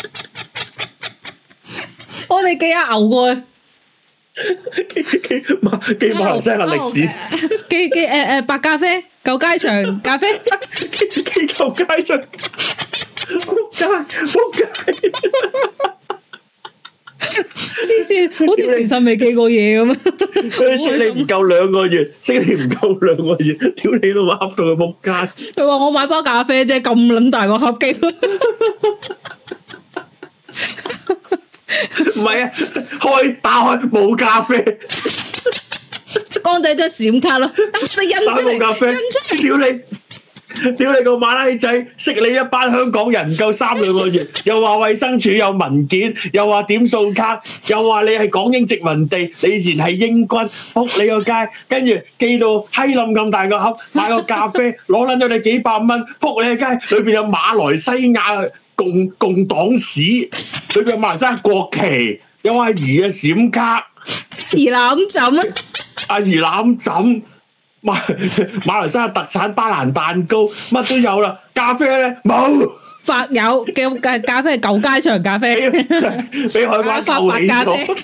我哋記下牛過去，記記馬，記馬來西亞歷史。記記誒誒白咖啡舊街場咖啡，記記舊街場，仆街仆街，黐線，好似前世未記過嘢咁啊！佢哋識你唔夠兩個月，識你唔夠兩個月，屌你老母，恰到佢仆街！佢話我買包咖啡啫，咁卵大個盒機。唔係 啊，開打開冇咖啡，光仔都閃卡咯，你印 出嚟，屌你，屌 你，你個馬拉仔，識你一班香港人唔夠三兩個月， 又話衛生署有文件，又話點數卡，又話你係港英殖民地，你以前係英軍，扑你個街，跟住寄到嘿冧咁大個盒，買個咖啡，攞捻咗你幾百蚊，扑你個街，裏邊有馬來西亞。共共黨史，裏邊馬來西亞國旗，有阿儀嘅閃卡，儀攬枕，阿儀攬枕，馬馬來西亞特產巴蘭蛋糕，乜都有啦，咖啡咧冇，發有叫嘅咖啡係舊街場咖啡，俾海關收你咗。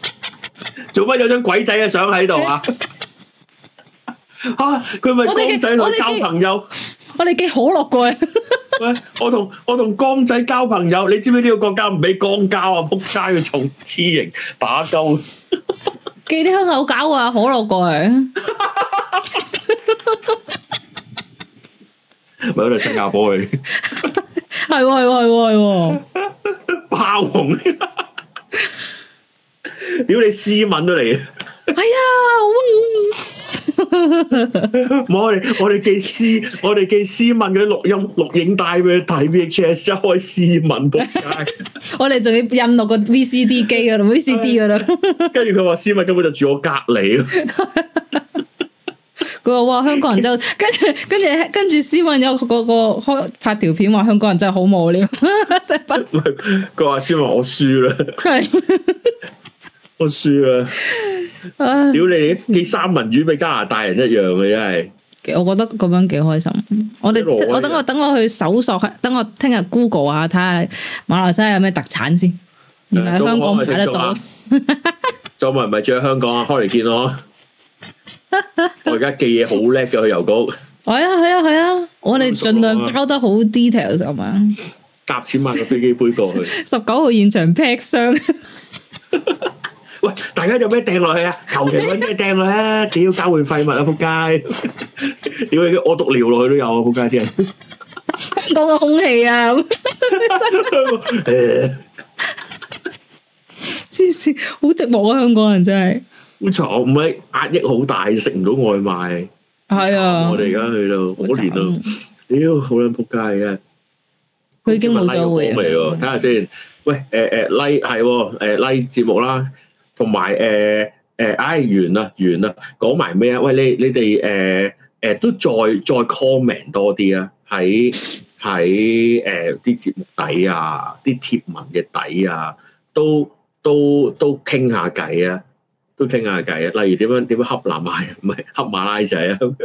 做乜有張鬼仔嘅相喺度啊？吓，佢咪江仔同交朋友？我哋寄可樂過嚟。我同我同江仔交朋友，你知唔知呢個國家唔俾江交啊？扑街嘅，重畸形打交。寄啲香口膠啊，可樂過去。咪都係新加坡嚟。係係係係。霸王。屌你斯文都嚟！哎呀，唔 我哋我哋記斯我哋記斯文嗰啲錄音錄影帶俾佢睇 VHS 一開斯文撲街。我哋仲要印落個 VCD 機㗎喇 VCD 㗎喇。跟住佢話斯文根本就住我隔籬咯。 佢話哇，香港人就。跟，跟住跟住跟住斯文有嗰個開拍，拍條片話香港人真係好無聊 。佢話斯文我輸啦。 我輸啦！屌你你三文魚俾加拿大人一樣嘅，真係。我覺得咁樣幾開心。我哋我等我等我去搜索，等我聽日 Google 下，睇下馬來西亞有咩特產先。原來喺香港睇得到。做埋咪住喺香港啊！開嚟見我。我而家寄嘢好叻嘅，去郵局。係啊係啊係啊！我哋盡量包得好 detail，係咪啊？夾錢買個飛機杯過去。十九號現場 pack 箱。喂，大家有咩掟落去啊？求其揾咩掟落咧？屌交換廢物啊！仆街，屌你嘅屙篤尿落去都有啊！仆街啲人，香港嘅空氣啊！真係，黐線，好寂寞啊！香港人真係，好嘈，唔係壓抑好大，食唔到外賣。係啊，我哋而家喺度好攰啊，屌好撚仆街嘅。佢已經冇咗味喎，睇下先。喂，誒誒，like 係誒 like 節目啦。同埋誒誒，唉完啦，完啦，講埋咩啊？喂，你你哋誒誒都再再 comment 多啲啊！喺喺誒啲節目底啊，啲貼文嘅底啊，都都都傾下偈啊，都傾下偈啊！例如點樣點樣恰南亞人唔係恰馬拉仔啊？咁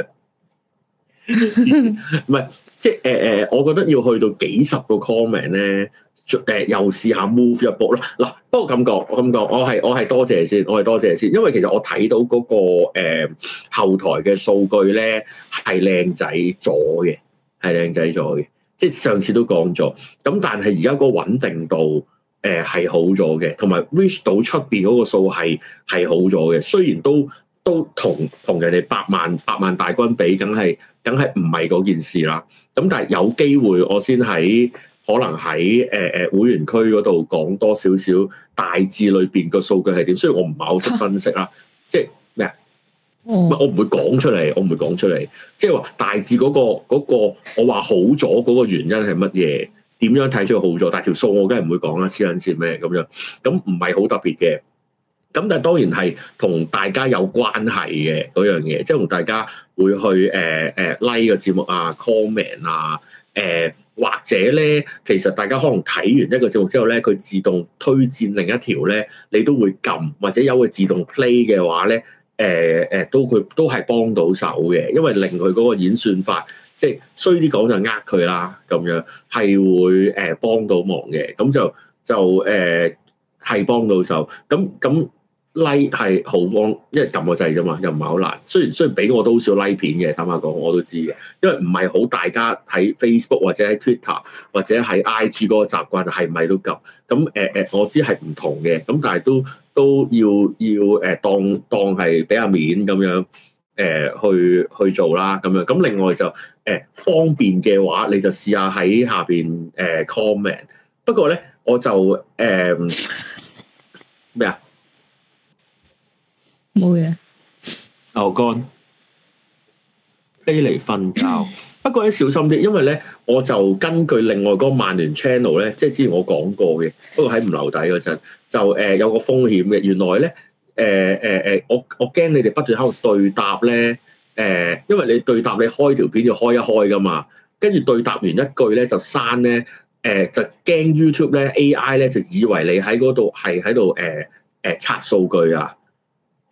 樣唔係即係誒誒，我覺得要去到幾十個 comment 咧。誒又試下 move 一波啦！嗱，不過咁講，我咁講，我係我係多謝先，我係多謝先，因為其實我睇到嗰、那個誒、呃、後台嘅數據咧係靚仔咗嘅，係靚仔咗嘅，即係上次都講咗。咁但係而家個穩定度誒係、呃、好咗嘅，同埋 reach 到出面嗰個數係好咗嘅。雖然都都同同人哋百萬百萬大軍比，梗係梗係唔係嗰件事啦。咁但係有機會我，我先喺。可能喺誒誒會員區嗰度講多少少大致裏邊個數據係點，雖然我唔係好識分析啦， 即係咩啊？我唔會講出嚟，我唔會講出嚟，即係話大致嗰、嗰個嗰個我話好咗嗰個原因係乜嘢？點樣睇出好咗？但係條數我梗係唔會講啦，黐撚線咩咁樣？咁唔係好特別嘅，咁但係當然係同大家有關係嘅嗰樣嘢，即係同大家會去誒誒 like 個節目啊，comment 啊，誒、呃。或者咧，其實大家可能睇完一個節目之後咧，佢自動推薦另一條咧，你都會撳，或者有個自動 play 嘅話咧，誒、呃、誒，都佢都係幫到手嘅，因為令佢嗰個演算法，即係衰啲講就呃佢啦，咁樣係會誒幫到忙嘅，咁就就誒係幫到手，咁咁。Like 係好旺，因為撳個掣啫嘛，又唔係好難。雖然雖然俾我都好少拉、like、片嘅，坦白講我都知嘅，因為唔係好大家喺 Facebook 或者喺 Twitter 或者喺 IG 嗰個習慣係咪都撳。咁誒誒，我知係唔同嘅，咁但係都都要要誒，當當係俾下面咁樣誒、呃、去去做啦，咁樣。咁另外就誒、呃、方便嘅話，你就試，試下喺下邊誒 comment。不過咧，我就誒咩、呃、啊？冇嘢，牛肝飛嚟瞓覺， 不過你小心啲，因為咧我就根據另外嗰個曼聯 channel 咧，即係之前我講過嘅。不過喺唔留底嗰陣就誒、呃、有個風險嘅。原來咧誒誒誒，我我驚你哋不斷喺度對答咧誒、呃，因為你對答你開條片要開一開噶嘛，跟住對答完一句咧就刪咧，誒、呃、就驚 YouTube 咧 AI 咧就以為你喺嗰度係喺度誒誒刷數據啊。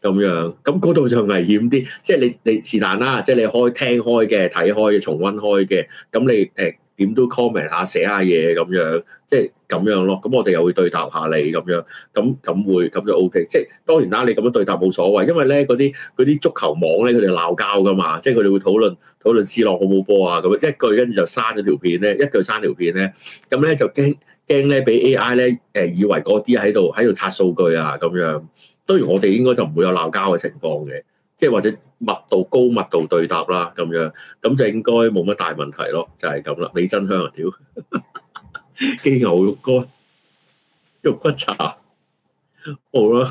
咁樣，咁嗰度就危險啲，即係你你是但啦，即係你開聽開嘅、睇開嘅、重溫開嘅，咁你誒點、呃、都 comment 下寫下嘢咁樣，即係咁樣咯。咁我哋又會對答下你咁樣，咁咁會咁就 OK。即係當然啦，你咁樣對答冇所謂，因為咧嗰啲啲足球網咧，佢哋鬧交噶嘛，即係佢哋會討論討論 C 朗好唔好波啊，咁樣一句跟住就刪咗條片咧，一句刪條片咧，咁咧就驚驚咧俾 AI 咧誒以為嗰啲喺度喺度刷數據啊咁樣。當然我哋應該就唔會有鬧交嘅情況嘅，即係或者密度高密度對答啦咁樣，咁就應該冇乜大問題咯，就係咁啦。美珍香啊！屌，雞牛肉乾、肉骨茶，好啦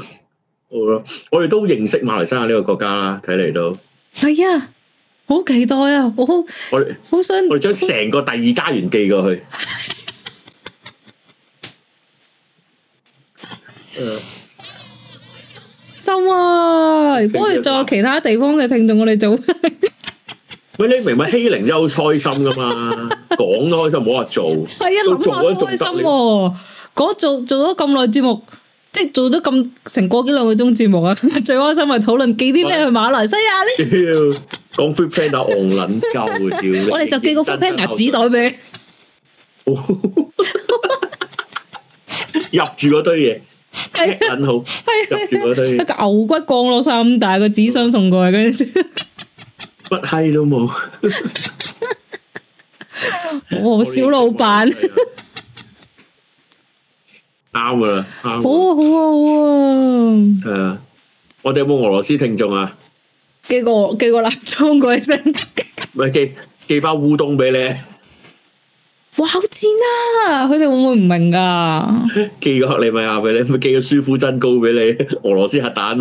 好啦，我哋都認識馬來西亞呢個國家啦，睇嚟都係啊，好期待啊！我哋好，們好想我哋將成個第二家園寄過去。誒。 uh, 心啊！如果我哋仲有其他地方嘅聽眾，我哋做喂，你明唔明欺凌就好開心噶嘛？講都開心，冇話做，係啊，諗下都開心。講做做咗咁耐節目，即係做咗咁成個幾兩個鐘節目啊，最開心咪討論寄啲咩去馬來西亞？屌，講 Foodpanda 都戇捻鳩，屌！我哋就寄個 Foodpanda 牙紙袋俾，入住嗰堆嘢。極品好，夾住我對一個牛骨降落晒咁大個紙箱送過嚟嗰陣時，乜閪都冇。我，小老闆，啱噶啦，好啊，好啊，好啊。係啊，我哋有冇俄羅斯聽眾啊？寄個寄個鬧鐘嗰一聲，唔係寄寄包烏冬俾你。哇！好賤啊，佢哋會唔會唔明噶？寄個克里米亞俾你，咪寄個舒芙真糕俾你，俄羅斯核彈，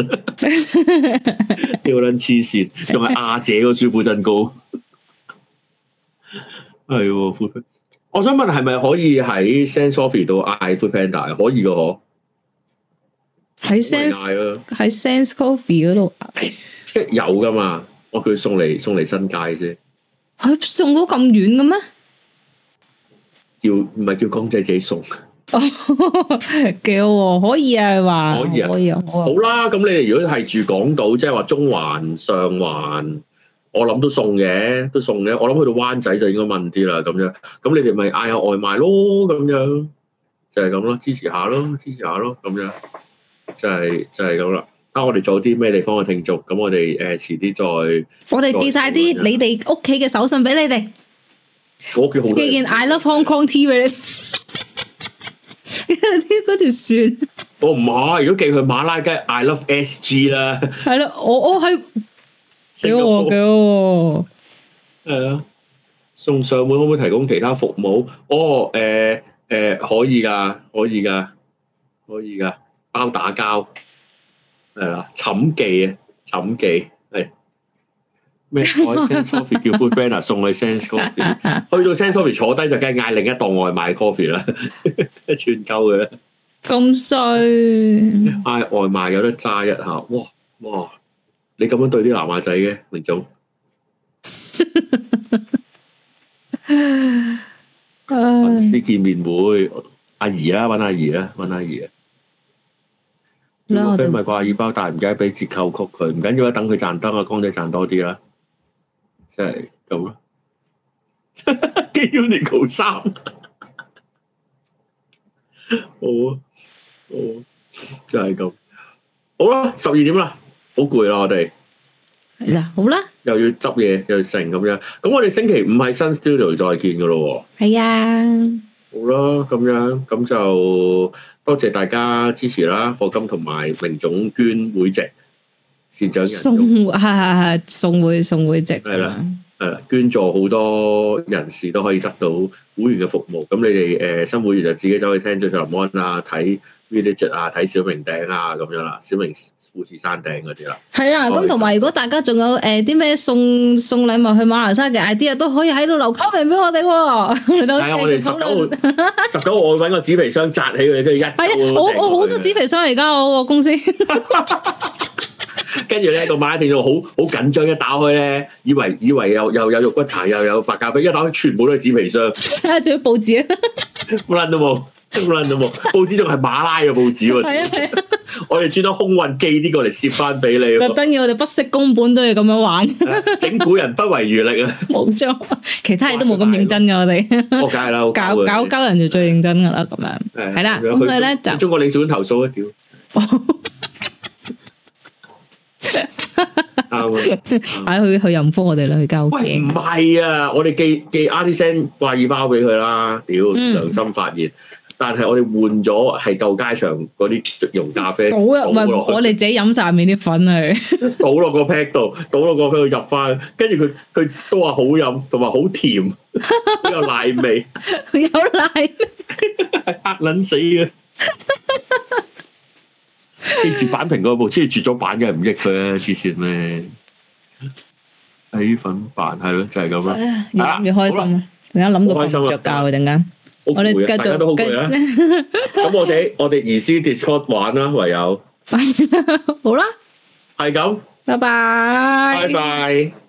屌捻黐線，仲係阿姐個舒芙真糕，係、 哦。我想問係咪可以喺 Sense Coffee 度嗌 Food Panda？可以噶嗬？喺 Sense，喺 s e n s Coffee 嗰度，即係 有噶嘛？我叫佢送嚟送嚟新界先。佢送到咁遠嘅咩？叫唔係叫光仔自己送，幾好可以啊？話可以啊，可以啊，好啦。咁你哋如果係住港島，即係話中環、上環，我諗都送嘅，都送嘅。我諗去到灣仔就應該問啲啦，咁樣。咁你哋咪嗌下外賣咯，咁樣就係咁咯，支持下咯，支持下咯，咁樣就係就係咁啦。啊，我哋做啲咩地方嘅聽眾，咁我哋誒，遲啲再，我哋寄晒啲你哋屋企嘅手信俾你哋。我寄件 I love Hong Kong T 俾你，嗰條船。我唔係，如果寄去馬拉雞 I love SG 啦。係啦，我我係幾好啊，幾好功。係啊，送上門可唔可以提供其他服務？哦，誒、呃、誒、呃，可以噶，可以噶，可以噶，包打交。係啦，沉記啊，沉記。咩 s e n F ood s Coffee 叫杯 b a n e n d 啊，送去 Sense Coffee，去到 Sense Coffee 坐低就梗嗌另一檔外賣 Coffee 啦，一串鳩佢啦。咁衰嗌外賣有得炸一下哇，哇哇！你咁樣對啲南華仔嘅明總，粉絲見面會，阿姨啊，搵阿姨啊，搵阿姨啊咯，個 friend 咪掛阿姨包，但唔記得俾折扣曲佢，唔緊要啊，等佢賺多賺啊，光仔賺多啲啦。即係咁咯，基本 level 三，好啊，好，就係咁，好啦，十二點啦，好攰啦，我哋，係啦，好啦，又要執嘢，又要成咁樣，咁我哋星期五喺新 studio 再見噶咯，係啊，好啦，咁樣，咁就多謝大家支持啦，霍金同埋榮總捐會籍。善長人，送係係係送會送會,會籍係啦係啦，捐助好多人士都可以得到會員嘅服務。咁你哋誒新會員就自己走去聽《最上岸》啊，睇《Village》啊，睇小明頂啊咁樣啦，小明富士山頂嗰啲啦。係啊了，咁同埋如果大家仲有誒啲咩送送禮物去馬來西亞嘅，idea 都可以喺度留簽名俾我哋、哦。係了我哋十九號，十九號我搵們 個紙皮箱紮起佢，跟而家。係啊，我我好多紙皮箱而家我個公司。 跟住咧，個馬仔仲好好緊張，一打開咧，以為以為有有有肉骨茶，又有白咖啡，一打開全部都係紙皮箱，仲要報紙，乜撚都冇，乜撚都冇，報紙仲係馬拉嘅報紙喎，我哋專登空運寄啲過嚟，攝翻俾你。特登要我哋不惜工本都要咁樣玩，整蠱人不遺餘力啊！冇錯，其他嘢都冇咁認真嘅，我哋我梗係啦，搞搞鳩人就最認真噶啦，咁樣係啦，咁佢咧就中國領事館投訴一屌！嗌佢去任福， 我哋啦，去交。喂，唔係啊，我哋寄寄阿啲聲掛耳包俾佢啦。屌、嗯，良心發現，但係我哋換咗係舊街場嗰啲溶咖啡。倒啊，唔係我哋自己飲晒面啲粉去，倒落個 pack 度，倒落個 pack 度入翻，跟住佢佢都話好飲，同埋好甜， 有奶味， 有奶味，吓撚 死嘅。住板平嗰部，即係住咗板嘅唔益佢、哎就是哎、啊！黐線咩？呢份板係咯，就係咁啦。越諗越開心，而家諗個瞓著覺。啊！等陣我哋繼續，咁我哋我哋二 C Discord 玩啦，唯有好啦，係咁，拜拜，拜拜。